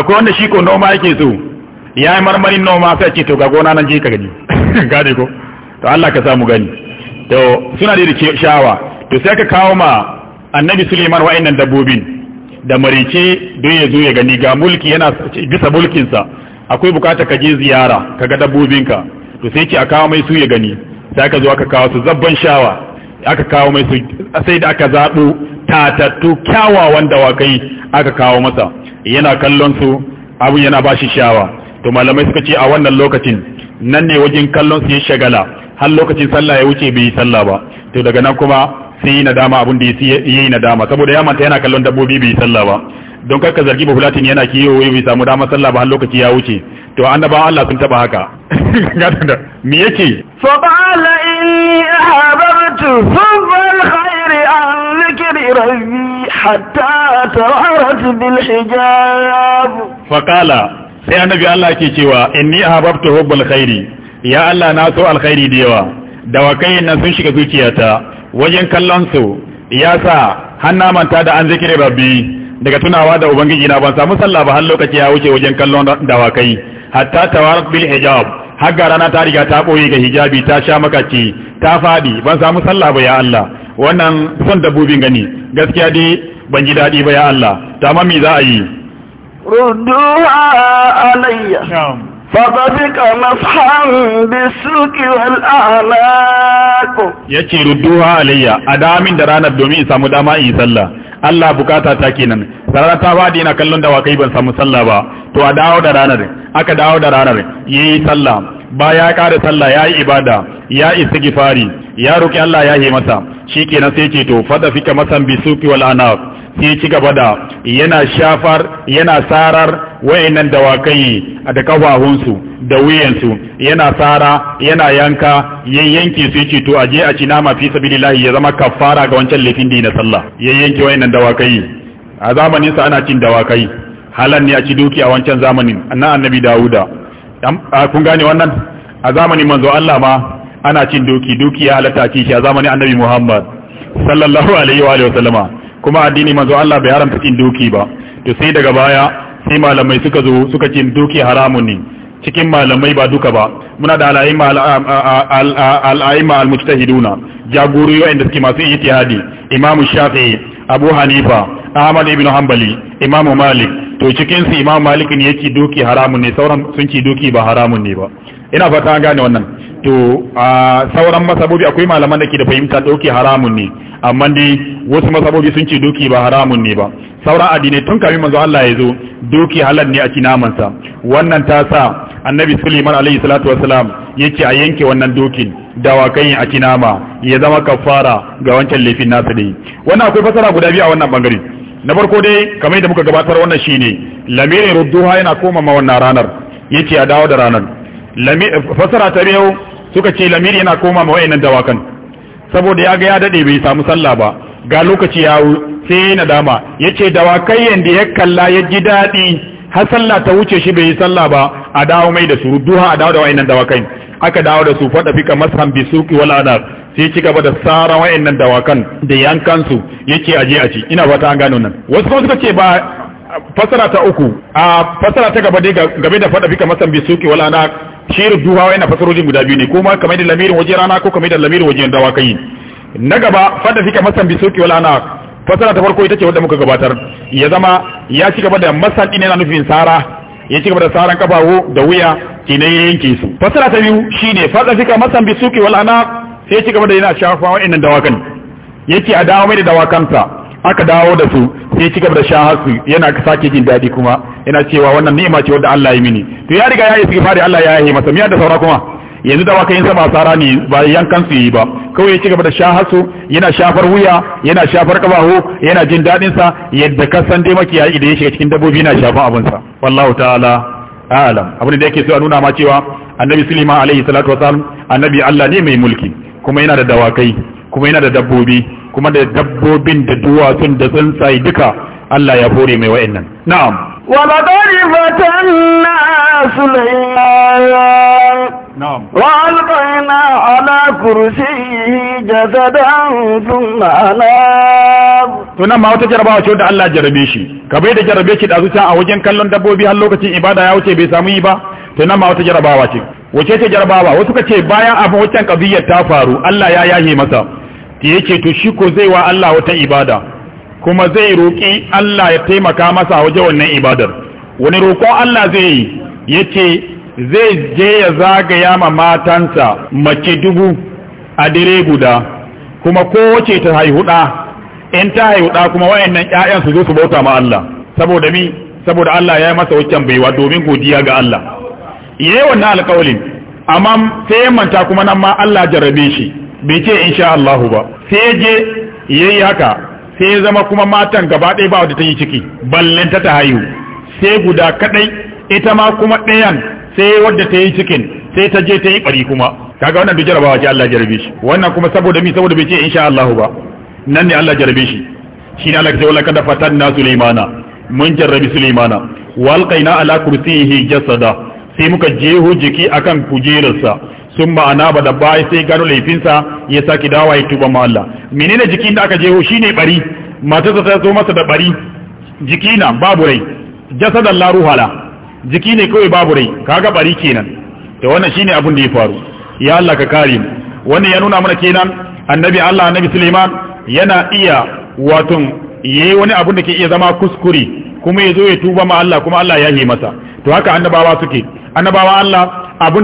akwai wanda shi ko noma yake so ya yi marmarin noma sai ce to ga gona nan je ka gani gane ko to Allah ka samu gani to suna da shawa to sai ka kawo ma annabi suleiman wa'annan dabbobin da marice don ya zo ya gani ga mulki yana bisa mulkinsa akwai bukata ka je ziyara ka ga dabbobinka to sai ce a kawo mai su ya gani sai aka zo aka kawo su zabban shawa aka kawo mai su sai da aka zaɓo tatattu kyawawan dawakai aka kawo masa yana kallon su abu yana ba shi shawa to malamai suka ce a wannan lokacin nan ne wajen kallon su ya shagala har lokacin sallah ya wuce bai yi sallah ba to daga nan kuma sai yi nadama abin da yi nadama saboda ya manta yana kallon dabbobi bai yi sallah ba don karka zargi fulatin yana kiyo bai samu dama sallah ba har lokaci ya wuce to annaba Allah sun taba haka me yake fa qala inni ahbabtu hubbal khairi an dhikri rabbi hatta tawarat bil hijab fa qala sai annabi Allah yake cewa inni ahbabtu hubbal khairi ya Allah na so alkhairi da yawa dawakai nan sun shiga zuciyata wajen kallon su ya sa hanna manta da an zikire rabbi daga tunawa da ubangiji na ban samu sallah ba har lokaci ya wuce wajen kallon dawakai hatta tawarat bil hijab har ga rana ta riga ta boye ga hijabi ta sha makaci ta fadi ban samu sallah ba ya Allah wannan son dabbobin gani gaskiya dai ban ji dadi ba ya Allah ta mami za a yi rudduha alayya فطفق مسحا alayya, a يكي da ranar domin درانا samu dama in yi sallah, Allah bukata ta kenan sarara ta bada yana kallon dawakai ban samu sallah ba to a dawo da ranar aka dawo da ranar yayi sallah baya ya kare sallah yayi ibada ya isa gifari ya roki Allah ya yi masa kenan sai ce to fada fika masan bisuki wal anaf sai ci gaba da yana shafar yana sarar wayannan dawakai da kafahunsu da wuyansu yana sara yana yanka yayyanke su yace to aje a ci nama fi sabilillahi ya zama kafara ga wancan laifin da na sallah yayyanke wayannan dawakai a zamanin sa ana cin dawakai halan ne a ci duki a wancan zamanin annan annabi Dawuda kun gane wannan a zamanin manzo Allah ma ana cin doki doki ya halatta ci shi a zamanin annabi Muhammad sallallahu alaihi wa sallama kuma addini manzo Allah bai haramta cin doki ba to sai daga baya sai malamai suka zo suka cin doki haramun ne cikin malamai ba duka ba muna da al'aima al'aima al-mujtahiduna jagorori da suke masu ijtihadi imam shafi'i abu hanifa ahmad ibn hanbali imam malik to cikin su imam malik ne yake doki haramun ne sauran sun ci doki ba haramun ne ba ina fata an gane wannan to a sauran masabobi akwai malaman da ke da fahimta doki haramun ne amma dai wasu masabobi sun ce doki ba haramun ne ba sauran addinai tun kafin manzo Allah ya zo doki halal ne a naman sa wannan ta sa annabi Suleiman alaihi salatu wassalam ce a yanke wannan dokin yin a nama ya zama kafara ga wancan laifin nasa dai wannan akwai fasara guda biyu a wannan bangare na farko dai kamar yadda muka gabatar wannan shine lamirin rudduha yana koma ma wannan ranar yace a dawo da ranar fasara ta biyu suka ce lamiri yana koma ma wayannan dawakan saboda ya ga ya dade bai samu sallah ba ga lokaci ya sai nadama yace dawakai yanda ya kalla ya ji dadi har sallah ta wuce shi bai yi sallah ba a dawo mai da su duha a dawo da wayannan dawakai aka dawo da su fada fika masan suki wal adab sai ci gaba da tsara wayannan dawakan da yankan su yace aje a ci ina fata an gano nan wasu kuma suka ce ba fasara ta uku a fasara ta gaba dai game da fada fika masan bi suki wal adab shiru duha ina fasarojin guda biyu ne ko ma kamar da lamirin waje rana ko kamar da lamirin waje dawa yi na gaba fadda fika masan bi soki wala ana fasara ta farko ita ce wadda muka gabatar ya zama ya ci gaba da masan din yana nufin sara ya ci gaba da saran kafawo da wuya ina yanke su fasara ta biyu shine fadda fika masan bi soki wala ana sai ya ci gaba da yana shafa wa'annan dawakan yake a dawo mai da ta aka dawo da su sai ya ci gaba da shahasu yana sake jin daɗi kuma ina cewa wannan ni'ima ce wadda Allah ya mini to ya riga ya yi istighfari Allah ya yi masa miya da saura kuma yanzu da waka yin sa ba sara ne ba yankan su yi ba kawai ya ci gaba da shahasu yana shafar wuya yana shafar kabahu yana jin dadin sa yadda ka san dai makiyayi da ya shiga cikin dabbobi na shafan abin sa wallahu ta'ala a'lam abin da yake so a nuna ma cewa annabi sulaiman alaihi salatu wasalam annabi Allah ne mai mulki kuma yana da dawakai kuma yana da dabbobi kuma da dabbobin da duwatsun da tsuntsaye duka Allah ya hore mai wa'annan na'am ولقد فتنا سليمان وَأَلْقَيْنَا عَلَى على جَسَدًا ثُمَّ ثم أناب to nan ma wata jarabawa ce wanda Allah jarabe shi ka bai da jarabe shi da zuciya a wajen kallon dabbobi har lokacin ibada ya wuce bai samu yi ba to nan ma wata jarabawa ce wace ce jarabawa wasu ka ce bayan abin wancan kadiyar ta faru Allah ya yahe masa ta yake to shi ko zai wa Allah wata ibada kuma zai roƙi Allah ya taimaka masa waje wannan ibadar wani roƙo Allah zai yi yake zai je ya zagaya ma matansa mace dubu a dire guda kuma kowace ta haihuɗa, in ta haihuɗa kuma wayannan ƴaƴan su zo su bauta ma Allah saboda mi saboda Allah ya yi masa waccan baiwa domin godiya ga Allah yayi wannan alƙawalin amma sai manta kuma nan ma Allah jarrabe shi bai ce insha Allah ba sai je yayi haka sai zama kuma matan gaba ɗaya ba wadda ta yi ciki ballen ta haihu sai guda kaɗai ita ma kuma ɗayan sai wadda ta yi cikin sai ta je ta yi ɓari kuma kaga wannan duk jarabawa ce Allah jarabe shi wannan kuma saboda mi saboda bai ce insha Allah ba nan ne Allah jarabe shi shine Allah ce wala kada fatanna Sulaimana mun jarrabi Sulaimana walqaina ala kursiyihi jasada sai muka jeho jiki akan kujerarsa sun ma'ana ba da baya sai gano laifinsa ya saki dawa ya tuba ma Allah menene jikin da aka jeho shine bari matarsa ta zo masa da bari jiki na babu rai jasadan la ruhala jiki ne kawai babu rai kaga bari kenan to wannan shine abin da ya faru ya Allah ka kare mu wannan ya nuna mana kenan annabi Allah annabi Suleiman yana iya waton yayi wani abin da ke iya zama kuskure kuma ya zo ya tuba ma Allah kuma Allah ya yi masa to haka annabawa suke annabawa Allah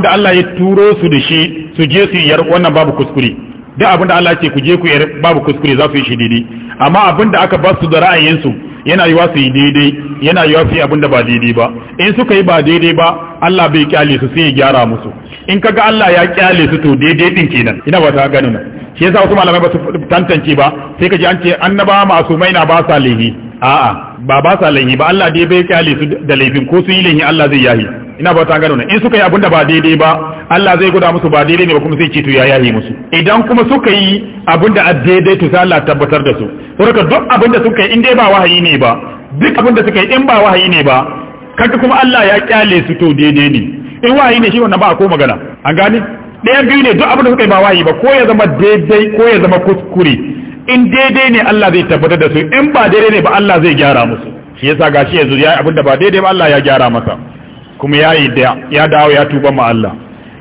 da Allah ya turo su da shi su je su yar wannan babu kuskure duk da Allah ya ce ku je ku yar babu kuskure za su yi shi daidai amma abin da aka ba su da ra'ayin su yana yiwa su yi daidai yana yiwa su yi da ba daidai ba in suka yi ba daidai ba Allah bai kyale su sai ya gyara musu in kaga Allah ya kyale su to daidai din kenan ina ba ta gani shi yasa wasu malamai ba su tantance ba sai ka ji an ce annaba masu na ba sa laifi a'a ba ba sa laifi ba Allah dai bai kyale su da laifin ko su yi laifi Allah zai yahi ina ba ta gano ne in suka yi abinda ba daidai ba Allah zai guda musu ba daidai ne ba kuma sai ce to ya yahi musu idan kuma suka yi abinda a daidai to sai Allah tabbatar da su saboda duk abinda suka yi in dai ba wahayi ne ba duk abinda suka yi in ba wahayi ne ba kaga kuma Allah ya kyale su to daidai ne in wahayi ne shi wannan ba a ko magana an gane ɗayan biyu ne duk abin da suka yi ba wayi ba ko ya zama daidai ko ya zama kuskure in daidai ne Allah zai tabbatar da su in ba daidai ne ba Allah zai gyara musu shi yasa gashi yanzu ya abin da ba daidai ba Allah ya gyara masa kuma ya yi ya dawo ya tuba ma Allah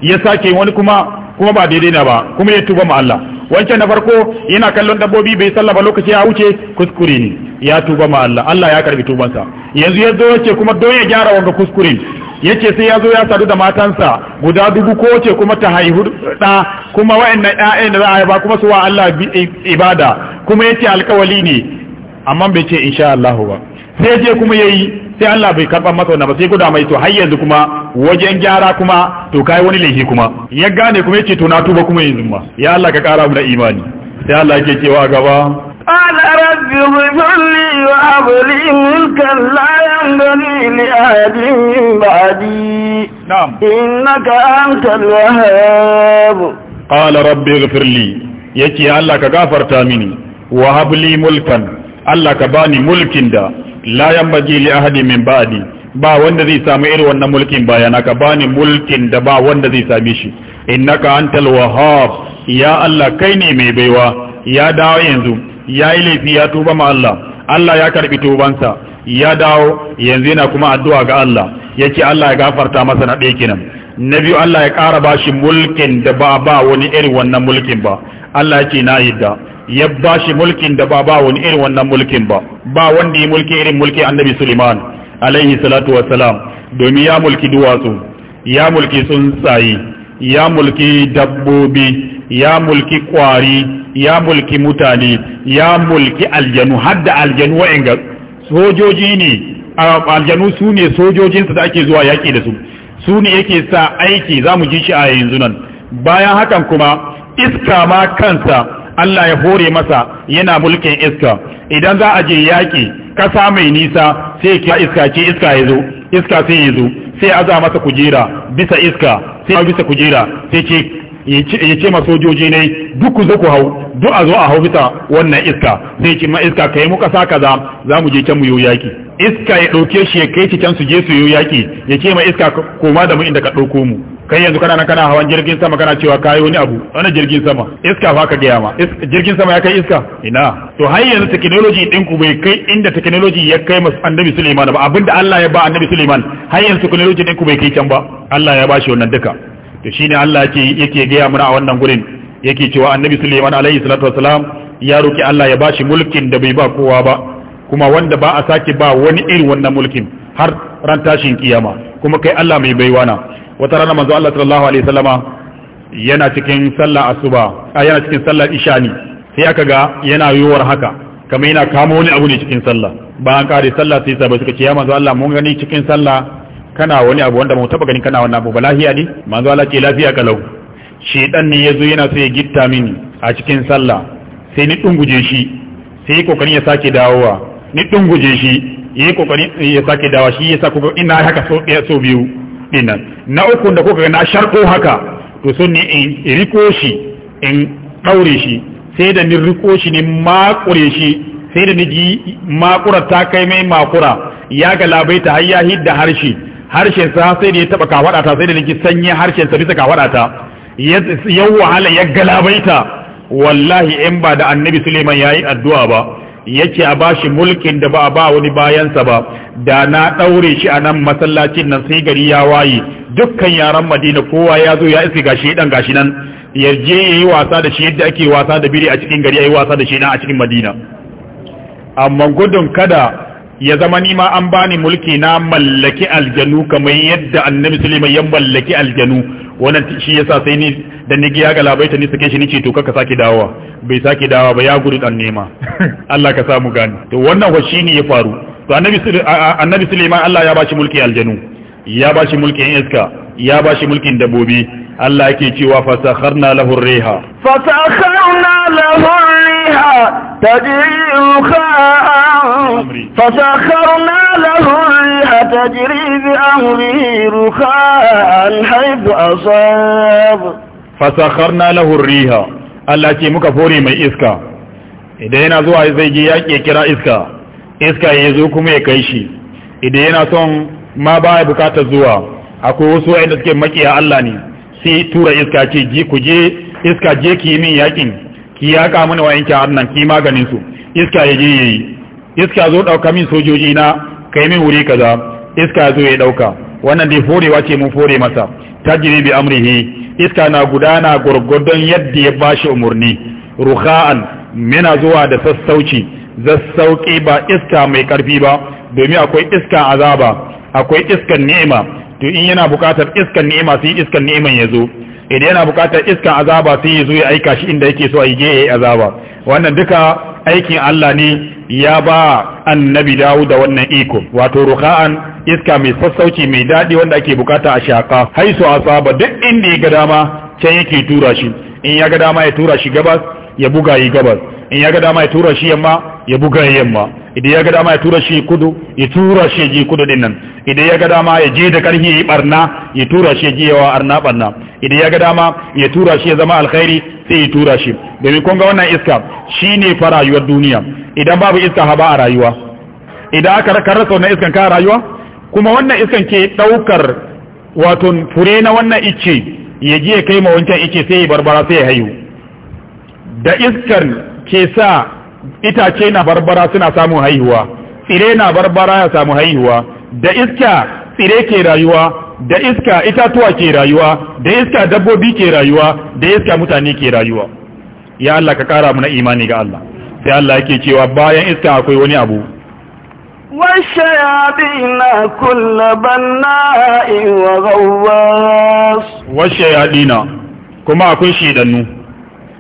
ya sake wani kuma kuma ba daidai ne ba kuma ya tuba ma Allah wancan na farko yana kallon dabbobi bai sallaba ba lokaci ya wuce kuskure ne ya tuba ma Allah Allah ya karbi tubansa yanzu ya zo ce kuma don ya gyara wanga kuskure yace sai ya zo ya sadu da matansa guda dubu ko ce kuma ta haihu da kuma wa'annan ƴaƴan da za a ba kuma su wa Allah ibada kuma yake alkawali ne amma bai ce insha Allah ba sai je kuma yayi sai Allah bai karba masa wannan ba sai guda mai to har yanzu kuma wajen gyara kuma to kai wani laifi kuma ya gane kuma yake to na tuba kuma yanzu ma ya Allah ka kara mu da imani sai Allah yake cewa gaba قال رب اغفر لي وهب لي ملكا لا ينبغي لأحد من بعدي نعم إنك أنت الوهاب قال رب اغفر لي يكي الله كغافر تاميني وهب لي ملكا الله كباني ملك دا لا ينبغي لأحد من بعدي ba wanda zai samu irin wannan mulkin bayana ka bani mulkin da ba wanda zai same shi innaka antal wahhab ya Allah kai ne mai baiwa ya dawo yanzu ya yi laifi ya tuba ma Allah Allah ya karbi tubansa ya dawo yanzu yana kuma addu'a ga Allah yake Allah ya gafarta masa na ɗaya kenan na biyu Allah ya ƙara bashi mulkin da ba ba wani irin wannan mulkin ba Allah ya ce na yadda ya bashi mulkin da ba ba wani irin wannan mulkin ba ba wanda ya mulki irin mulki Annabi Suleiman alaihi salatu salam domin ya mulki duwatsu ya mulki tsuntsaye ya mulki dabbobi ya mulki ƙwari. ya mulki mutane ya mulki aljanu hadda aljanu inga sojoji ne aljanu su ne sojojinsa da ake zuwa yaƙi da su su ne yake sa aiki za mu ji shi a yanzu nan bayan hakan kuma iska ma kansa Allah ya hore masa yana mulkin iska idan za a je yaƙi kasa mai nisa sai ya iska ce iska ya zo iska sai ya zo sai aza masa kujera bisa iska sai bisa kujera sai ce ya ce ma sojoji ne duk za ku hau duk a zo a hau bisa wannan iska sai ce ma iska kai mu sa kaza za mu je can mu yi yaki iska ya ɗauke shi ya kai ci can su je su yi yaki ya ce ma iska koma da mu inda ka ɗauko mu kai yanzu kana kana hawan jirgin sama kana cewa kayi wani abu wani jirgin sama iska fa ka gaya ma jirgin sama ya kai iska ina to har yanzu technology din ku bai kai inda technology ya kai masu annabi Suleiman ba abinda Allah ya ba annabi Suleiman har yanzu technology din ku bai kai can ba Allah ya ba shi wannan duka to shine Allah yake yake gaya mana a wannan gurin yake cewa annabi Sulaiman alaihi salatu wasalam ya roki Allah ya bashi mulkin da bai ba kowa ba kuma wanda ba a sake ba wani irin wannan mulkin har ran tashin kiyama kuma kai Allah mai baiwa na wata rana manzo Allah sallallahu alaihi wasallama yana cikin sallah asuba yana cikin isha ne sai aka ga yana yiwuwar haka kamar yana kama wani abu ne cikin sallah bayan kare sallah sai sabai suka ce ya manzo Allah mun gani cikin sallah kana wani abu wanda mu taba ganin kana wannan abu ba lafiya ne manzo Allah ce lafiya kalau shedan ne yazo yana so ya gitta mini a cikin sallah sai ni dunguje shi sai kokarin ya sake dawowa ni dunguje shi yayi kokarin ya sake dawowa shi yasa kuka ina haka so ɗaya so biyu dinnan na uku da kuka na sharko haka to sun ni in riko shi in daure shi sai da ni riko shi ni makure shi sai da ni ji makura ta kai mai makura ya galabaita har ya hidda harshe harshen sa sai da ya taba kawada ta sai da nake sanya harshen sa bisa kafadata ta ya wahala ya galabaita wallahi in ba da annabi suleiman yayi addu'a ba yake a bashi mulkin da ba a ba wani bayansa ba da na daure shi a nan masallacin nan sai gari ya waye dukkan yaran madina kowa ya zo ya isa gashi dan gashi nan yarje yayi wasa da shi yadda ake wasa da biri a cikin gari yayi wasa da shi nan a cikin madina amma gudun kada ya zama ni ma an bani mulki na mallaki aljanu kamar yadda annabi Suleiman ya mallaki aljanu wannan shi yasa sai ni da ni ya ta ni sake shi ni ce to kaka sake dawowa bai sake dawowa ba ya gudu dan nema Allah ka samu gani to wannan wa ne ya faru to annabi annabi Suleiman Allah ya bashi mulki aljanu ya bashi mulkin iska ya bashi mulkin dabobi Allah ke cewa fasakharna lahu riha fasakharna lahu riha tajri fasakharna lahu riha tajri bi amrihi rukhan haythu asab fasakharna lahu riha Allah ce muka fore mai iska idan yana zuwa zai je ya kira iska iska ya zo kuma ya kai shi idan yana son ma ba ya bukatar zuwa akwai wasu wa'anda suke makiya Allah ne sai tura iska ce ji ku je iska je ki min yakin ki ya yaka mana wayan ki annan ki maganin su iska ya je yayi iska zo dauka min sojoji na kai min wuri kaza iska zo ya dauka wannan dai forewa ce mun fore masa tajri bi amrihi iska na gudana gurgurdon yadda ya bashi umurni ruha'an mena zuwa da sassauci zassauki ba iska mai karfi ba domin akwai iska azaba akwai iskan ni'ima to in yana bukatar iskan ni'ima sai iskan ni'iman ya zo idan yana bukatar iskan azaba sai ya zo ya aika shi inda yake so a je yi azaba wannan duka aikin Allah ne ya ba annabi Dawud da wannan iko wato ruqa'an iska mai sassauci mai dadi wanda ake bukata a shaka haisu asaba duk inda ya ga dama can yake tura shi in ya ga dama ya tura shi gabas ya buga yi gabas in ya ga dama ya tura shi yamma ya buga yamma idan ya ga dama ya tura shi kudu ya tura shi ji kudu din nan idan ya ga dama ya je da karhi ya yi barna ya tura shi ji yawa arna barna idan ya ga dama ya tura shi ya zama alkhairi sai ya tura shi domin kun ga wannan iska shine fa rayuwar duniya idan babu iska ha ba a rayuwa idan aka rasa wannan iskan ka rayuwa kuma wannan iskan ke daukar wato fure na wannan icce ya je kai ma wancan icce sai ya barbara sai ya hayu da iskar ke sa itace na barbara suna samun haihuwa tsire na barbara ya samu haihuwa da iska tsire ke rayuwa da iska itatuwa ke rayuwa da iska dabbobi ke rayuwa da iska mutane ke rayuwa ya Allah ka kara mu na imani ga Allah sai Allah yake cewa bayan iska akwai wani abu والشياطين كل بناء وغواص والشياطين kuma akwai shedanu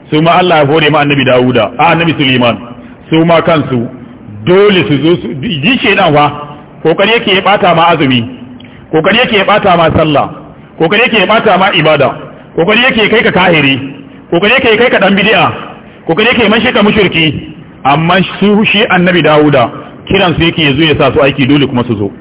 su ma Allah ya hore ma annabi Dawuda a annabi Suleiman su ma kansu dole su zo su ji dan wa kokari yake ya bata ma azumi kokari yake ya bata ma sallah kokari yake ya bata ma ibada kokari yake kai ka kahiri kokari yake kai ka dan bid'a kokari yake mashi ka mushriki amma su shi annabi Dawuda kiran su yake yazo ya sa su aiki dole kuma su zo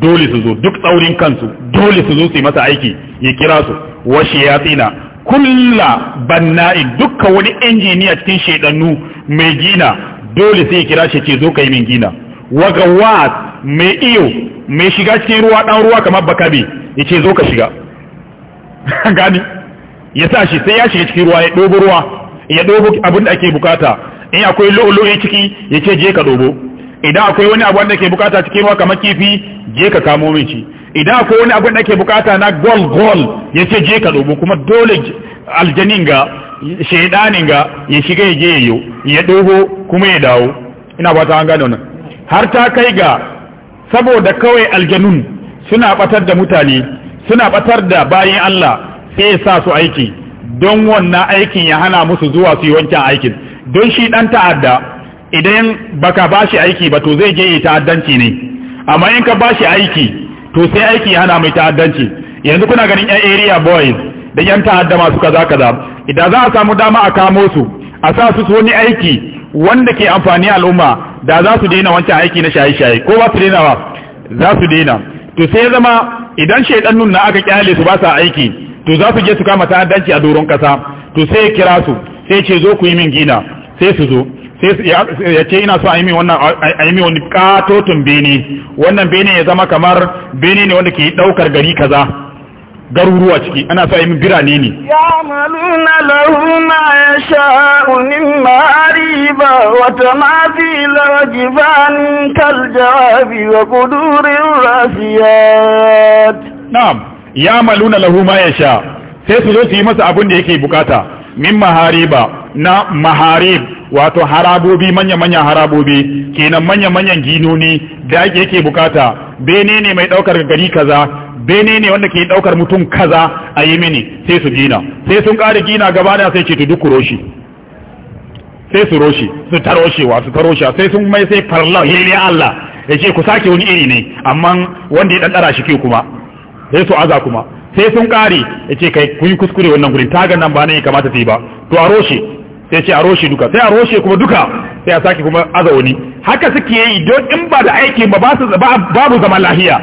dole su zo duk tsaurin kansu dole su zo su yi masa aiki ya kira su wa ya tsina kulla banna'in dukka wani injiniya cikin shaidannu mai gina dole sai kira shi ce zo kai min gina wa gawat mai iyo mai shiga cikin ruwa dan ruwa kamar bakabe yace zo ka shiga gani ya sa shi sai ya shiga cikin ruwa ya dobo ruwa ya dobo abin da ake bukata in akwai lo'lo'i ciki yace je ka dobo idan akwai wani abu wanda ke bukata cikin ruwa kamar kifi je ka kamo min shi idan akwai wani abin da ke bukata na gol gol ya ce je ka dubu kuma dole aljanin ga shaidanin ga ya shiga ya je ya ya dogo kuma ya dawo ina ba ta an gano nan har ta kai ga saboda kawai aljanun suna batar da mutane suna batar da bayan Allah sai ya sa su aiki don wannan aikin ya hana musu zuwa su yi wancan aikin don shi dan ta'adda idan baka bashi aiki ba to zai je yi ta'addanci ne amma in ka bashi aiki to sai aiki hana mai ta'addanci yanzu kuna ganin yan area boys da yan ta'adda masu kaza kaza idan za a samu dama a kamo su a sa su su wani aiki wanda ke amfani al'umma da za su daina wancan aiki na shaye-shaye ko ba su daina ba za su daina to sai zama idan shaidan na aka kyale su ba sa aiki to za su je su kama ta'addanci a doron kasa to sai kira su sai ce zo ku yi min gina sai su zo sai ya ce ina so a yi min wannan a yi min wani katotun bene wannan bene ya zama kamar bene ne wanda ke daukar gari kaza garuruwa ciki ana so a yi min birane ne ya maluna lahu ma yasha'u min ma'ariba wata tamatila wa jibanin kal jawabi wa kudurin rasiyat na'am ya maluna lahuma ya sha, sai su zo su yi masa abin da yake bukata min mahariba na maharib wato harabobi manya manya harabobi kenan manya-manyan ginoni da yake bukata bene ne mai daukar gari kaza bene ne wanda ke daukar mutum kaza a yi mini sai su gina sai sun kare gina gaba da sai ce to duk roshi sai su roshi su taroshewa su taroshewa sai sun mai sai farla ya Allah ya ce ku sake wani iri ne amma wanda ya dandara shi ke kuma sai su aza kuma sai sun kare ya ce kai kun yi kuskure wannan gurin tagan nan ba ne kamata ta yi ba to a roshe sai ce a roshe duka sai a roshe kuma duka sai a sake kuma aza wani haka suke yi don in ba da aiki ba babu zaman lahiya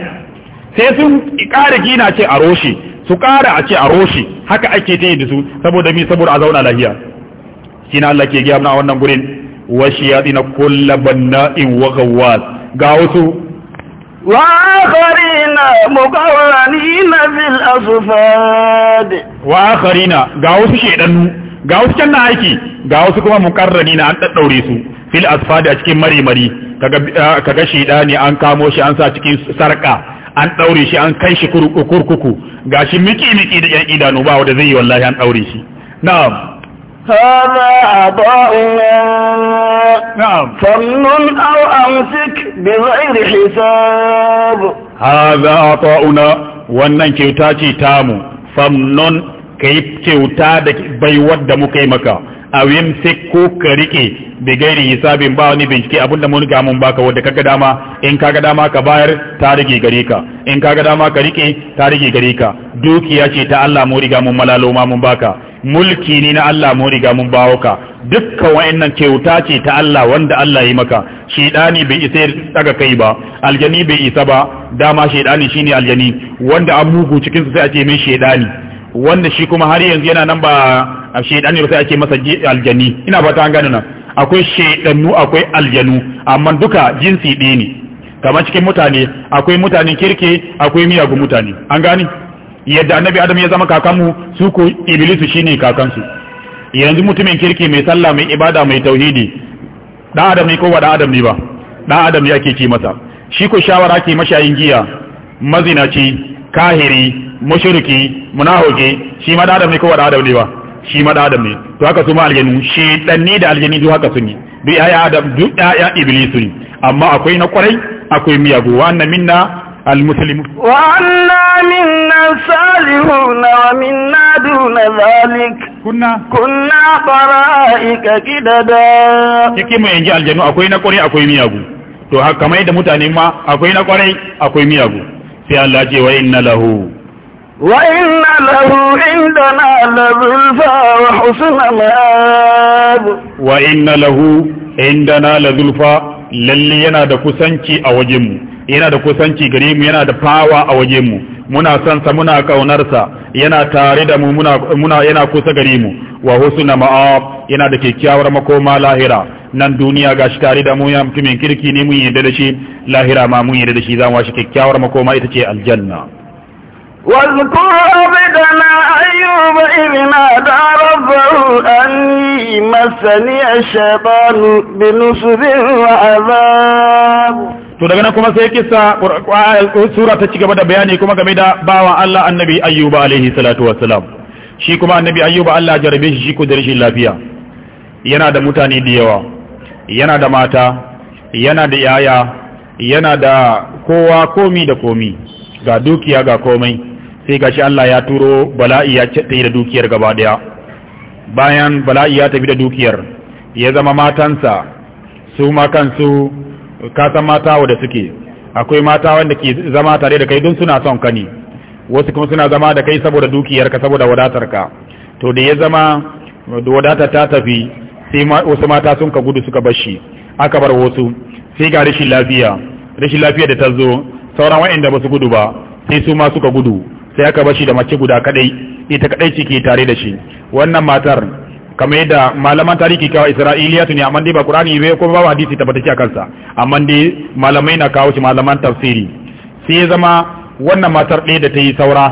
sai sun ƙara gina ce a roshe su ƙara a ce a roshe haka ake ta yi da su saboda mi saboda a zauna lahiya shi na Allah ke gaya na wannan gurin washi ya tsina kulla banna'in wa ga wasu وآخرين مقرنين في الأصفاد وآخرين قاوس شيئا ga wasu kyan na aiki ga wasu kuma mukarrani na an ɗaɗɗaure su fil asfadi a cikin marimari kaga eh, kaga ne an kamo shi an sa cikin sarka an ɗaure shi an kai shi kurkuku shi miki miki da yan idanu ba wanda zai yi wallahi an ɗaure shi na'am هذا عطاؤنا نعم فمن أو أمسك بغير حساب هذا عطاؤنا wannan kyauta ce tamu famnon ka yi kyauta da baiwar da muka yi maka a sai ko ka rike da gairi hisabin ba wani bincike abin da mun ga mun baka wanda kaga dama in kaga dama ka bayar ta rike gare ka in kaga dama ka rike ta rike gare ka dukiya ce ta Allah mu riga mun malalo ma mun baka mulki ne na Allah mu riga mun bawo ka dukkan wayannan kyauta ce ta Allah wanda Allah ya maka shedani bai isa daga kai ba aljani bai isa ba dama shedani shine aljani wanda an mugu cikin sai a ce mai shedani wanda shi kuma har yanzu yana nan ba a shaidani sai ake masa aljani ina fata an gani nan akwai shaidannu akwai aljanu amma duka jinsi ɗaya ne kamar cikin mutane akwai mutanen kirki akwai miyagun mutane an gani yadda annabi adam ya zama kakanmu su ko iblisu shine kakansu yanzu mutumin kirki mai sallah mai ibada mai tauhidi dan adam ne ko ba dan adam ne ba dan adam ne ake ci masa shi ko shawara ke mashayin giya mazinaci kahiri mushriki munafiki shi ma da adam ne ko da adam ne ba shi ma da adam ne to haka su ma aljanu shi danni da aljani duk haka suni yi duk adam duk ya'ya iblis ne amma akwai na kwarai akwai miyagu wa anna minna المسلم وأنا منا الصالحون ومنا دون ذلك كنا كنا طرائق كددا cikin mu yanzu aljanu akwai na kwarai akwai miyagu to haka kamar da mutane ma akwai na kwarai akwai miyagu sai Allah ce wa inna وإن له عندنا لذلفا وحسن مآب وإن له عندنا لذلفا للي yana da kusanci a wajenmu yana da kusanci gare mu yana da fawa a wajenmu muna son sa muna kaunarsa yana tare da mu muna, muna yana kusa gare mu wa husna ma'ab yana da kyakkyawar makoma lahira nan duniya gashi tare da mu ya mutumin kirki ne mun yi da shi lahira ma mun yi da shi zan washi kyakkyawar makoma ita ce aljanna واذكر عبدنا أيوب إذ نادى ربه أني مسني الشيطان بنصب وعذاب to daga nan kuma sai kisa sura ta ci gaba da bayani kuma game da bawa Allah annabi ayyuba alaihi salatu wassalam shi kuma annabi ayyuba Allah jarabe shi shi ko da lafiya yana da mutane da yawa yana da mata yana da yaya yana da kowa komi da komi ga dukiya ga komai sai gashi Allah ya turo bala'i ya ce da dukiyar gaba daya bayan bala'i ya tafi da dukiyar ya zama matansa su ma kansu kasan mata wanda suke akwai mata wanda ke zama tare da kai don suna son ka ne wasu kuma suna zama da kai saboda dukiyar ka saboda wadatar ka to da ya zama wadatar ta tafi sai wasu mata sun ka gudu suka bashi aka bar wasu sai ga rashin lafiya rashin lafiya da ta zo sauran wa'anda ba su gudu ba sai su ma suka gudu sai aka shi da mace guda kadai ita kadai ce ke tare da shi wannan matar kamar yadda malaman tarihi kawo isra'iliya ne amma dai ba qur'ani bai ko ba hadisi tabbatacce akan sa amma dai malamai na kawo shi malaman tafsiri sai ya zama wannan matar ɗaya da ta yi saura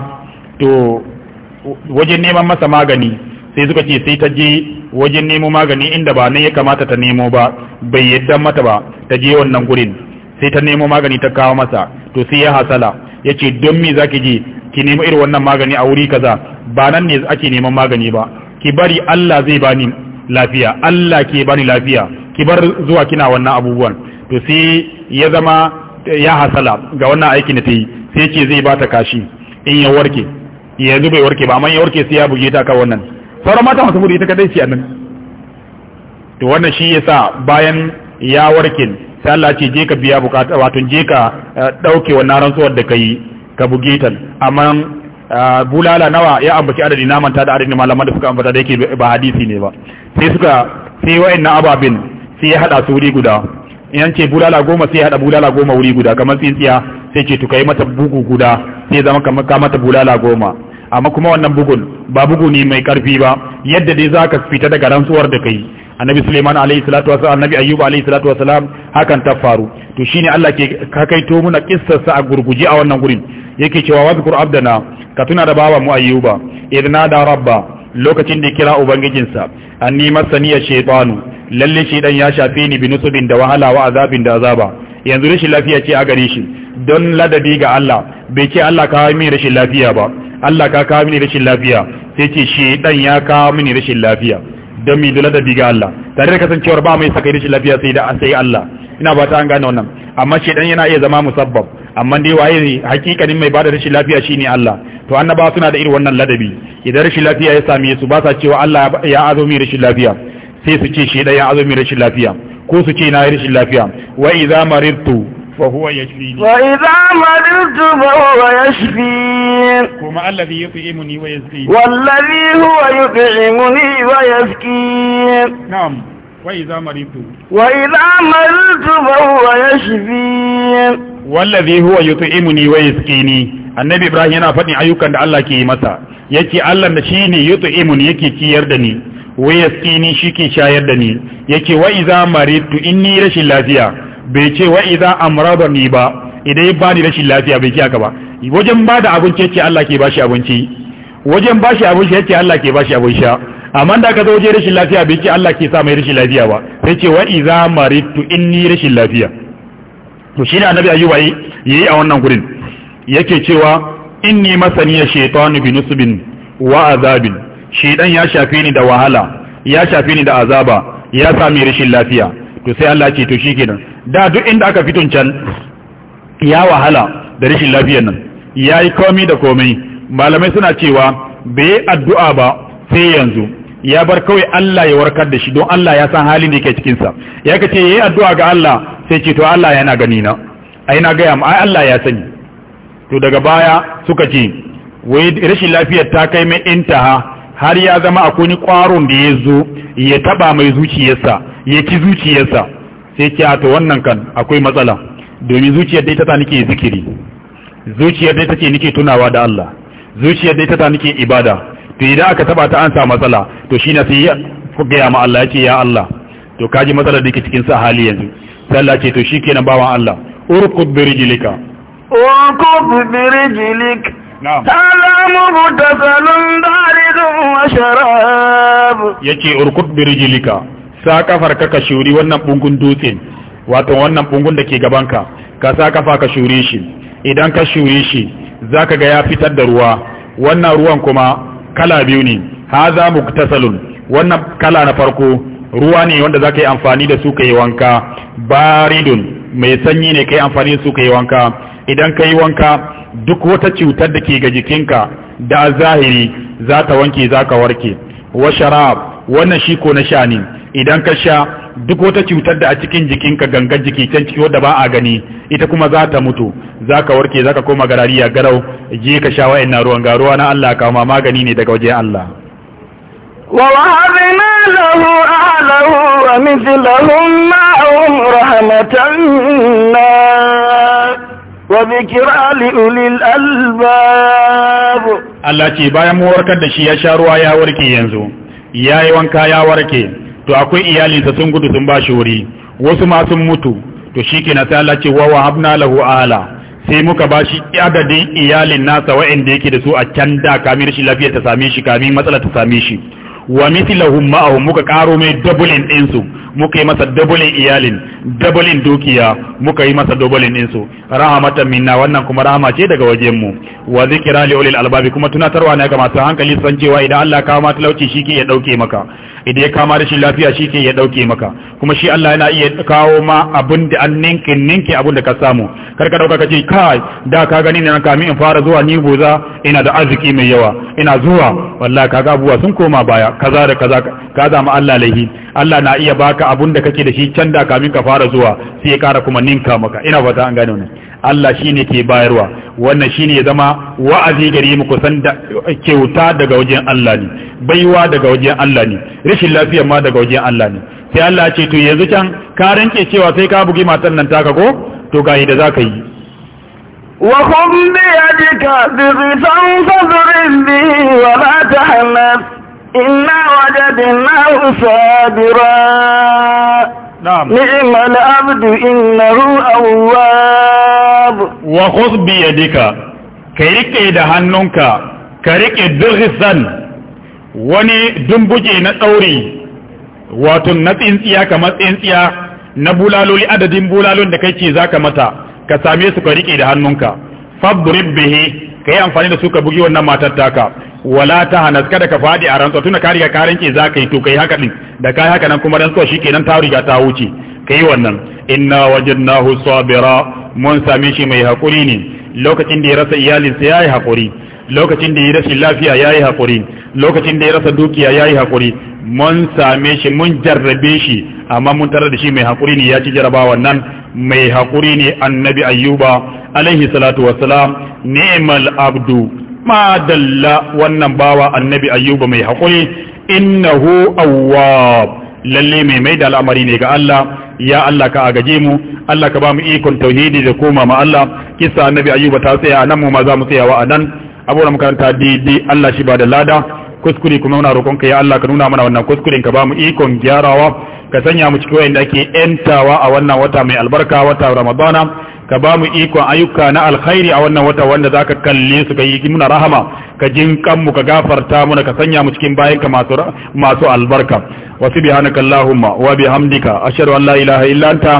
to wajen neman masa magani sai suka ce sai ta je wajen nemo magani inda ba ne ya kamata ta nemo ba bai yadda mata ba ta je wannan gurin sai ta nemo magani ta kawo masa to sai ya hasala ya ce don me zaki je ki nemi irin wannan magani a wuri kaza ba nan ne ake neman magani ba ki bari Allah zai bani lafiya Allah ke bani lafiya ki bar zuwa kina wannan abubuwan to sai ya zama ya hasala ga wannan aikin da ta yi sai ce zai bata kashi in ya warke yanzu bai warke ba amma ya warke sai ya buge ta ka wannan sauran mata masu muri ita kadai a nan, to wannan shi yasa bayan ya warke sai Allah ce je ka biya bukata wato je ka dauke eh, wannan rantsuwar da yi. ka bugi ta amma ah, bulala nawa ya ambaci adadi na manta da adadin malaman da suka ambata da yake ba hadisi ne ba sai suka sai wa'annan ababin sai ya hada su wuri guda in ce bulala goma sai ya hada bulala goma wuri guda kamar tsintsiya sai ce to kai mata bugu guda sai zama kamar ka mata bulala goma amma kuma wannan bugun ba bugu ne mai karfi ba yadda dai zaka fita daga rantsuwar da kai annabi Suleiman alayhi salatu wasallam annabi Ayyub alayhi salatu wasallam hakan ta faru to shine Allah ke kakaito muna kissarsa a gurguje a wannan gurin yake cewa wa zikur abdana ka tuna da baba mu ayyuba idna da rabba lokacin da kira ubangijinsa anni ya shaytanu lalle shi dan ya shafe ni bi nusubin da wahala wa azabin da azaba yanzu rashin lafiya ce a gare shi don ladabi ga Allah bai ce Allah ka kawo mini rashin lafiya ba Allah ka kawo mini rashin lafiya sai ce shi dan ya kawo mini rashin lafiya don mi dole da ga Allah tare da kasancewar ba mai saka rashin lafiya sai da sai Allah ina ba ta an gane wannan amma shedan yana iya zama musabbab amma dai waye ne hakikanin mai bada rashin lafiya shine Allah to annaba suna da irin wannan ladabi idan rashin lafiya ya same su ba sa cewa Allah ya azo mi rashin lafiya sai su ce shi da ya azo mi rashin lafiya ko su ce na yi rashin lafiya wa idza maridtu fa huwa yashfini wa idza maridtu fa huwa yashfini kuma alladhi yut'imuni wa yasqini wallazi huwa yut'imuni wa yasqini na'am وإذا مرضت وإذا مرضت فهو يشفين والذي هو يطعمني ويسقيني annabi ibrahim yana faɗin ayyukan da Allah ke yi masa yace Allah da shi ne yut'imun yake ciyar da ni wa yasqini shi ke shayar da ni yake wa idza maritu inni rashin lafiya bai ce wa idza amradani ba idan ba ni rashin lafiya bai kiyaka ba wajen ba da abinci yace Allah ke bashi abinci wajen bashi abinci yace Allah ke bashi abin sha amma da aka zo je rashin lafiya bai ce Allah ke sa mai rashin lafiya ba sai ce wa iza maritu inni rashin lafiya to shi ne annabi ayyuba yayi a wannan gurin yake cewa inni ya shaytanu bi nusbin wa azabin shaydan ya shafe ni da wahala ya shafe ni da azaba ya sa mai rashin lafiya to sai Allah ce to shikenan da duk inda aka fitun can ya wahala da rashin lafiyar nan yayi komai da komai malamai suna cewa bai addu'a ba sai yanzu ya bar kawai Allah ya warkar da shi don Allah ya san halin da yake cikin sa ya kace yayi addu'a ga Allah sai ce to Allah yana gani na ai na ga ai Allah ya sani to daga baya suka ce wai rashin lafiyar ta kai mai intaha har ya zama akwai ni kwaron da ya zo ya taba mai zuciyarsa ya ci zuciyarsa sai ce to wannan kan akwai matsala domin zuciyar dai ta ta nake zikiri zuciyar dai take nake tunawa da Allah zuciyar dai ta ta nake ibada to idan aka taba ta an sa matsala to shi na sai ya gaya ma Allah ya ce ya Allah to kaji matsalar da yake cikin sa hali yanzu sai Allah ce to shi kenan bawan Allah urqud bi rijlika urqud bi rijlik salamu mutakalun daridun wa sharab yace urqud bi rijlika sa kafar ka ka shuri wannan bungun dutsen wato wannan bungun da ke gabanka ka sa kafa ka shuri shi idan ka shuri shi zaka ga ya fitar da ruwa wannan ruwan kuma kala biyu ne haza muktasalun wannan kala na farko ruwa ne wanda ka yi amfani da su kai wanka baridun mai sanyi ne kai amfani da su kai wanka idan kai wanka duk wata cutar da ke ga jikinka da zahiri za ta wanke za ka warke wa sharab wannan shi ko na sha ne idan ka sha duk wata cutar da a cikin jikinka gangan jiki can ciki wadda ba a gani ita kuma za ta mutu za ka warke za ka koma garariya garau je ka sha wa'in na ruwan garuwa. na Allah ka ma magani ne daga wajen Allah ووهبنا له أهله ومثلهم معهم رحمة منا وذكرى لأولي الألباب الله تي بايا موركا دشي يا شاروا يا وركي ينزو يا يوانكا يا وركي to akwai iyalinsa sun gudu sun ba shi wuri wasu ma sun mutu to shi na sai Allah ce wa habna lahu ala sai muka bashi adadin iyalin nasa wa'anda yake da su a can da kamin shi lafiya ta same shi kamin matsala ta same shi wa mithlahum ma'ahum muka karo mai dublin din su muka yi masa dublin iyalin dublin dukiya muka yi masa dublin din su rahmatan minna wannan kuma rahama ce daga wajen mu wa zikra li ulil albabi kuma tunatarwa ne ga masu hankali san cewa idan Allah ka ma talauci shi ke ya dauke maka idan ya kama rashin lafiya shi ke ya dauke maka kuma shi Allah yana iya kawo ma abin da an ninke ninke abin da ka samu kar ka dauka kace kai da ka gani ne kami in fara zuwa ni goza ina da arziki mai yawa ina zuwa wallahi kaga abuwa sun koma baya kaza da kaza ka zama Allah laihi Allah na iya baka abin da kake da shi can da kamin ka fara zuwa sai ya kara kuma ninka maka ina fata an gane wannan Allah shi ne ke bayarwa wannan shine ya zama wa'azi gare mu kusan da kyauta daga wajen Allah ne baiwa daga wajen Allah ne rashin lafiya ma daga wajen Allah ne sai Allah ce to yanzu can ka rinke cewa sai ka bugi matan nan taka ko to ga da zaka yi wa khum bi yadika bi bi wa la inna wajadnahu sabira abdu wa khudh bi yadika ka rike da hannunka ka rike dirhisan wani dumbuke na tsauri wato na tsintsiya kamar tsintsiya na bulaloli adadin bulalon da kai ce zaka mata ka same su ka rike da hannunka fadrib bihi ka yi amfani da su ka bugi wannan matar taka wala ta hanas kada ka fadi a rantsuwa tuna ka riga ka rinke za ka yi to kai haka din da kai haka nan kuma rantsuwa shikenan ta riga ta wuce kai wannan inna wajadnahu sabira mun same shi mai hakuri ne lokacin da ya rasa iyalinsa yayi hakuri lokacin da ya rasa lafiya yayi hakuri lokacin da ya rasa dukiya yayi hakuri mun same shi mun jarrabe shi amma mun tarar da shi mai hakuri ne ya ci jarabawan nan mai hakuri ne annabi ayyuba alaihi salatu wassalam ni'mal abdu ma dalla wannan bawa annabi ayyuba mai hakuri innahu awwab lalle mai mai da al'amari ne ga Allah ya Allah ka agaje mu Allah ka ba mu ikon tauhidi da koma ma Allah kisa annabi ayyuba ta tsaya anan mu ma za mu tsayawa a nan abubuwan makaranta daidai Allah shi ba da lada kuskure kuma muna roƙonka ya Allah ka nuna mana wannan kuskuren ka ba mu ikon gyarawa ka sanya mu cikin wayanda ake yantawa a wannan wata mai albarka wata ramadana ka ba mu ikon ayyuka na alkhairi a wannan wata wanda za ka kalle su ka yi muna rahama ka jin kanmu ka gafarta muna ka sanya mu cikin bayanka masu albarka wa subhanaka allahumma wa bihamdika ashhadu an la ilaha illa anta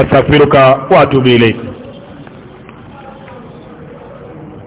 astaghfiruka wa atubu ilayk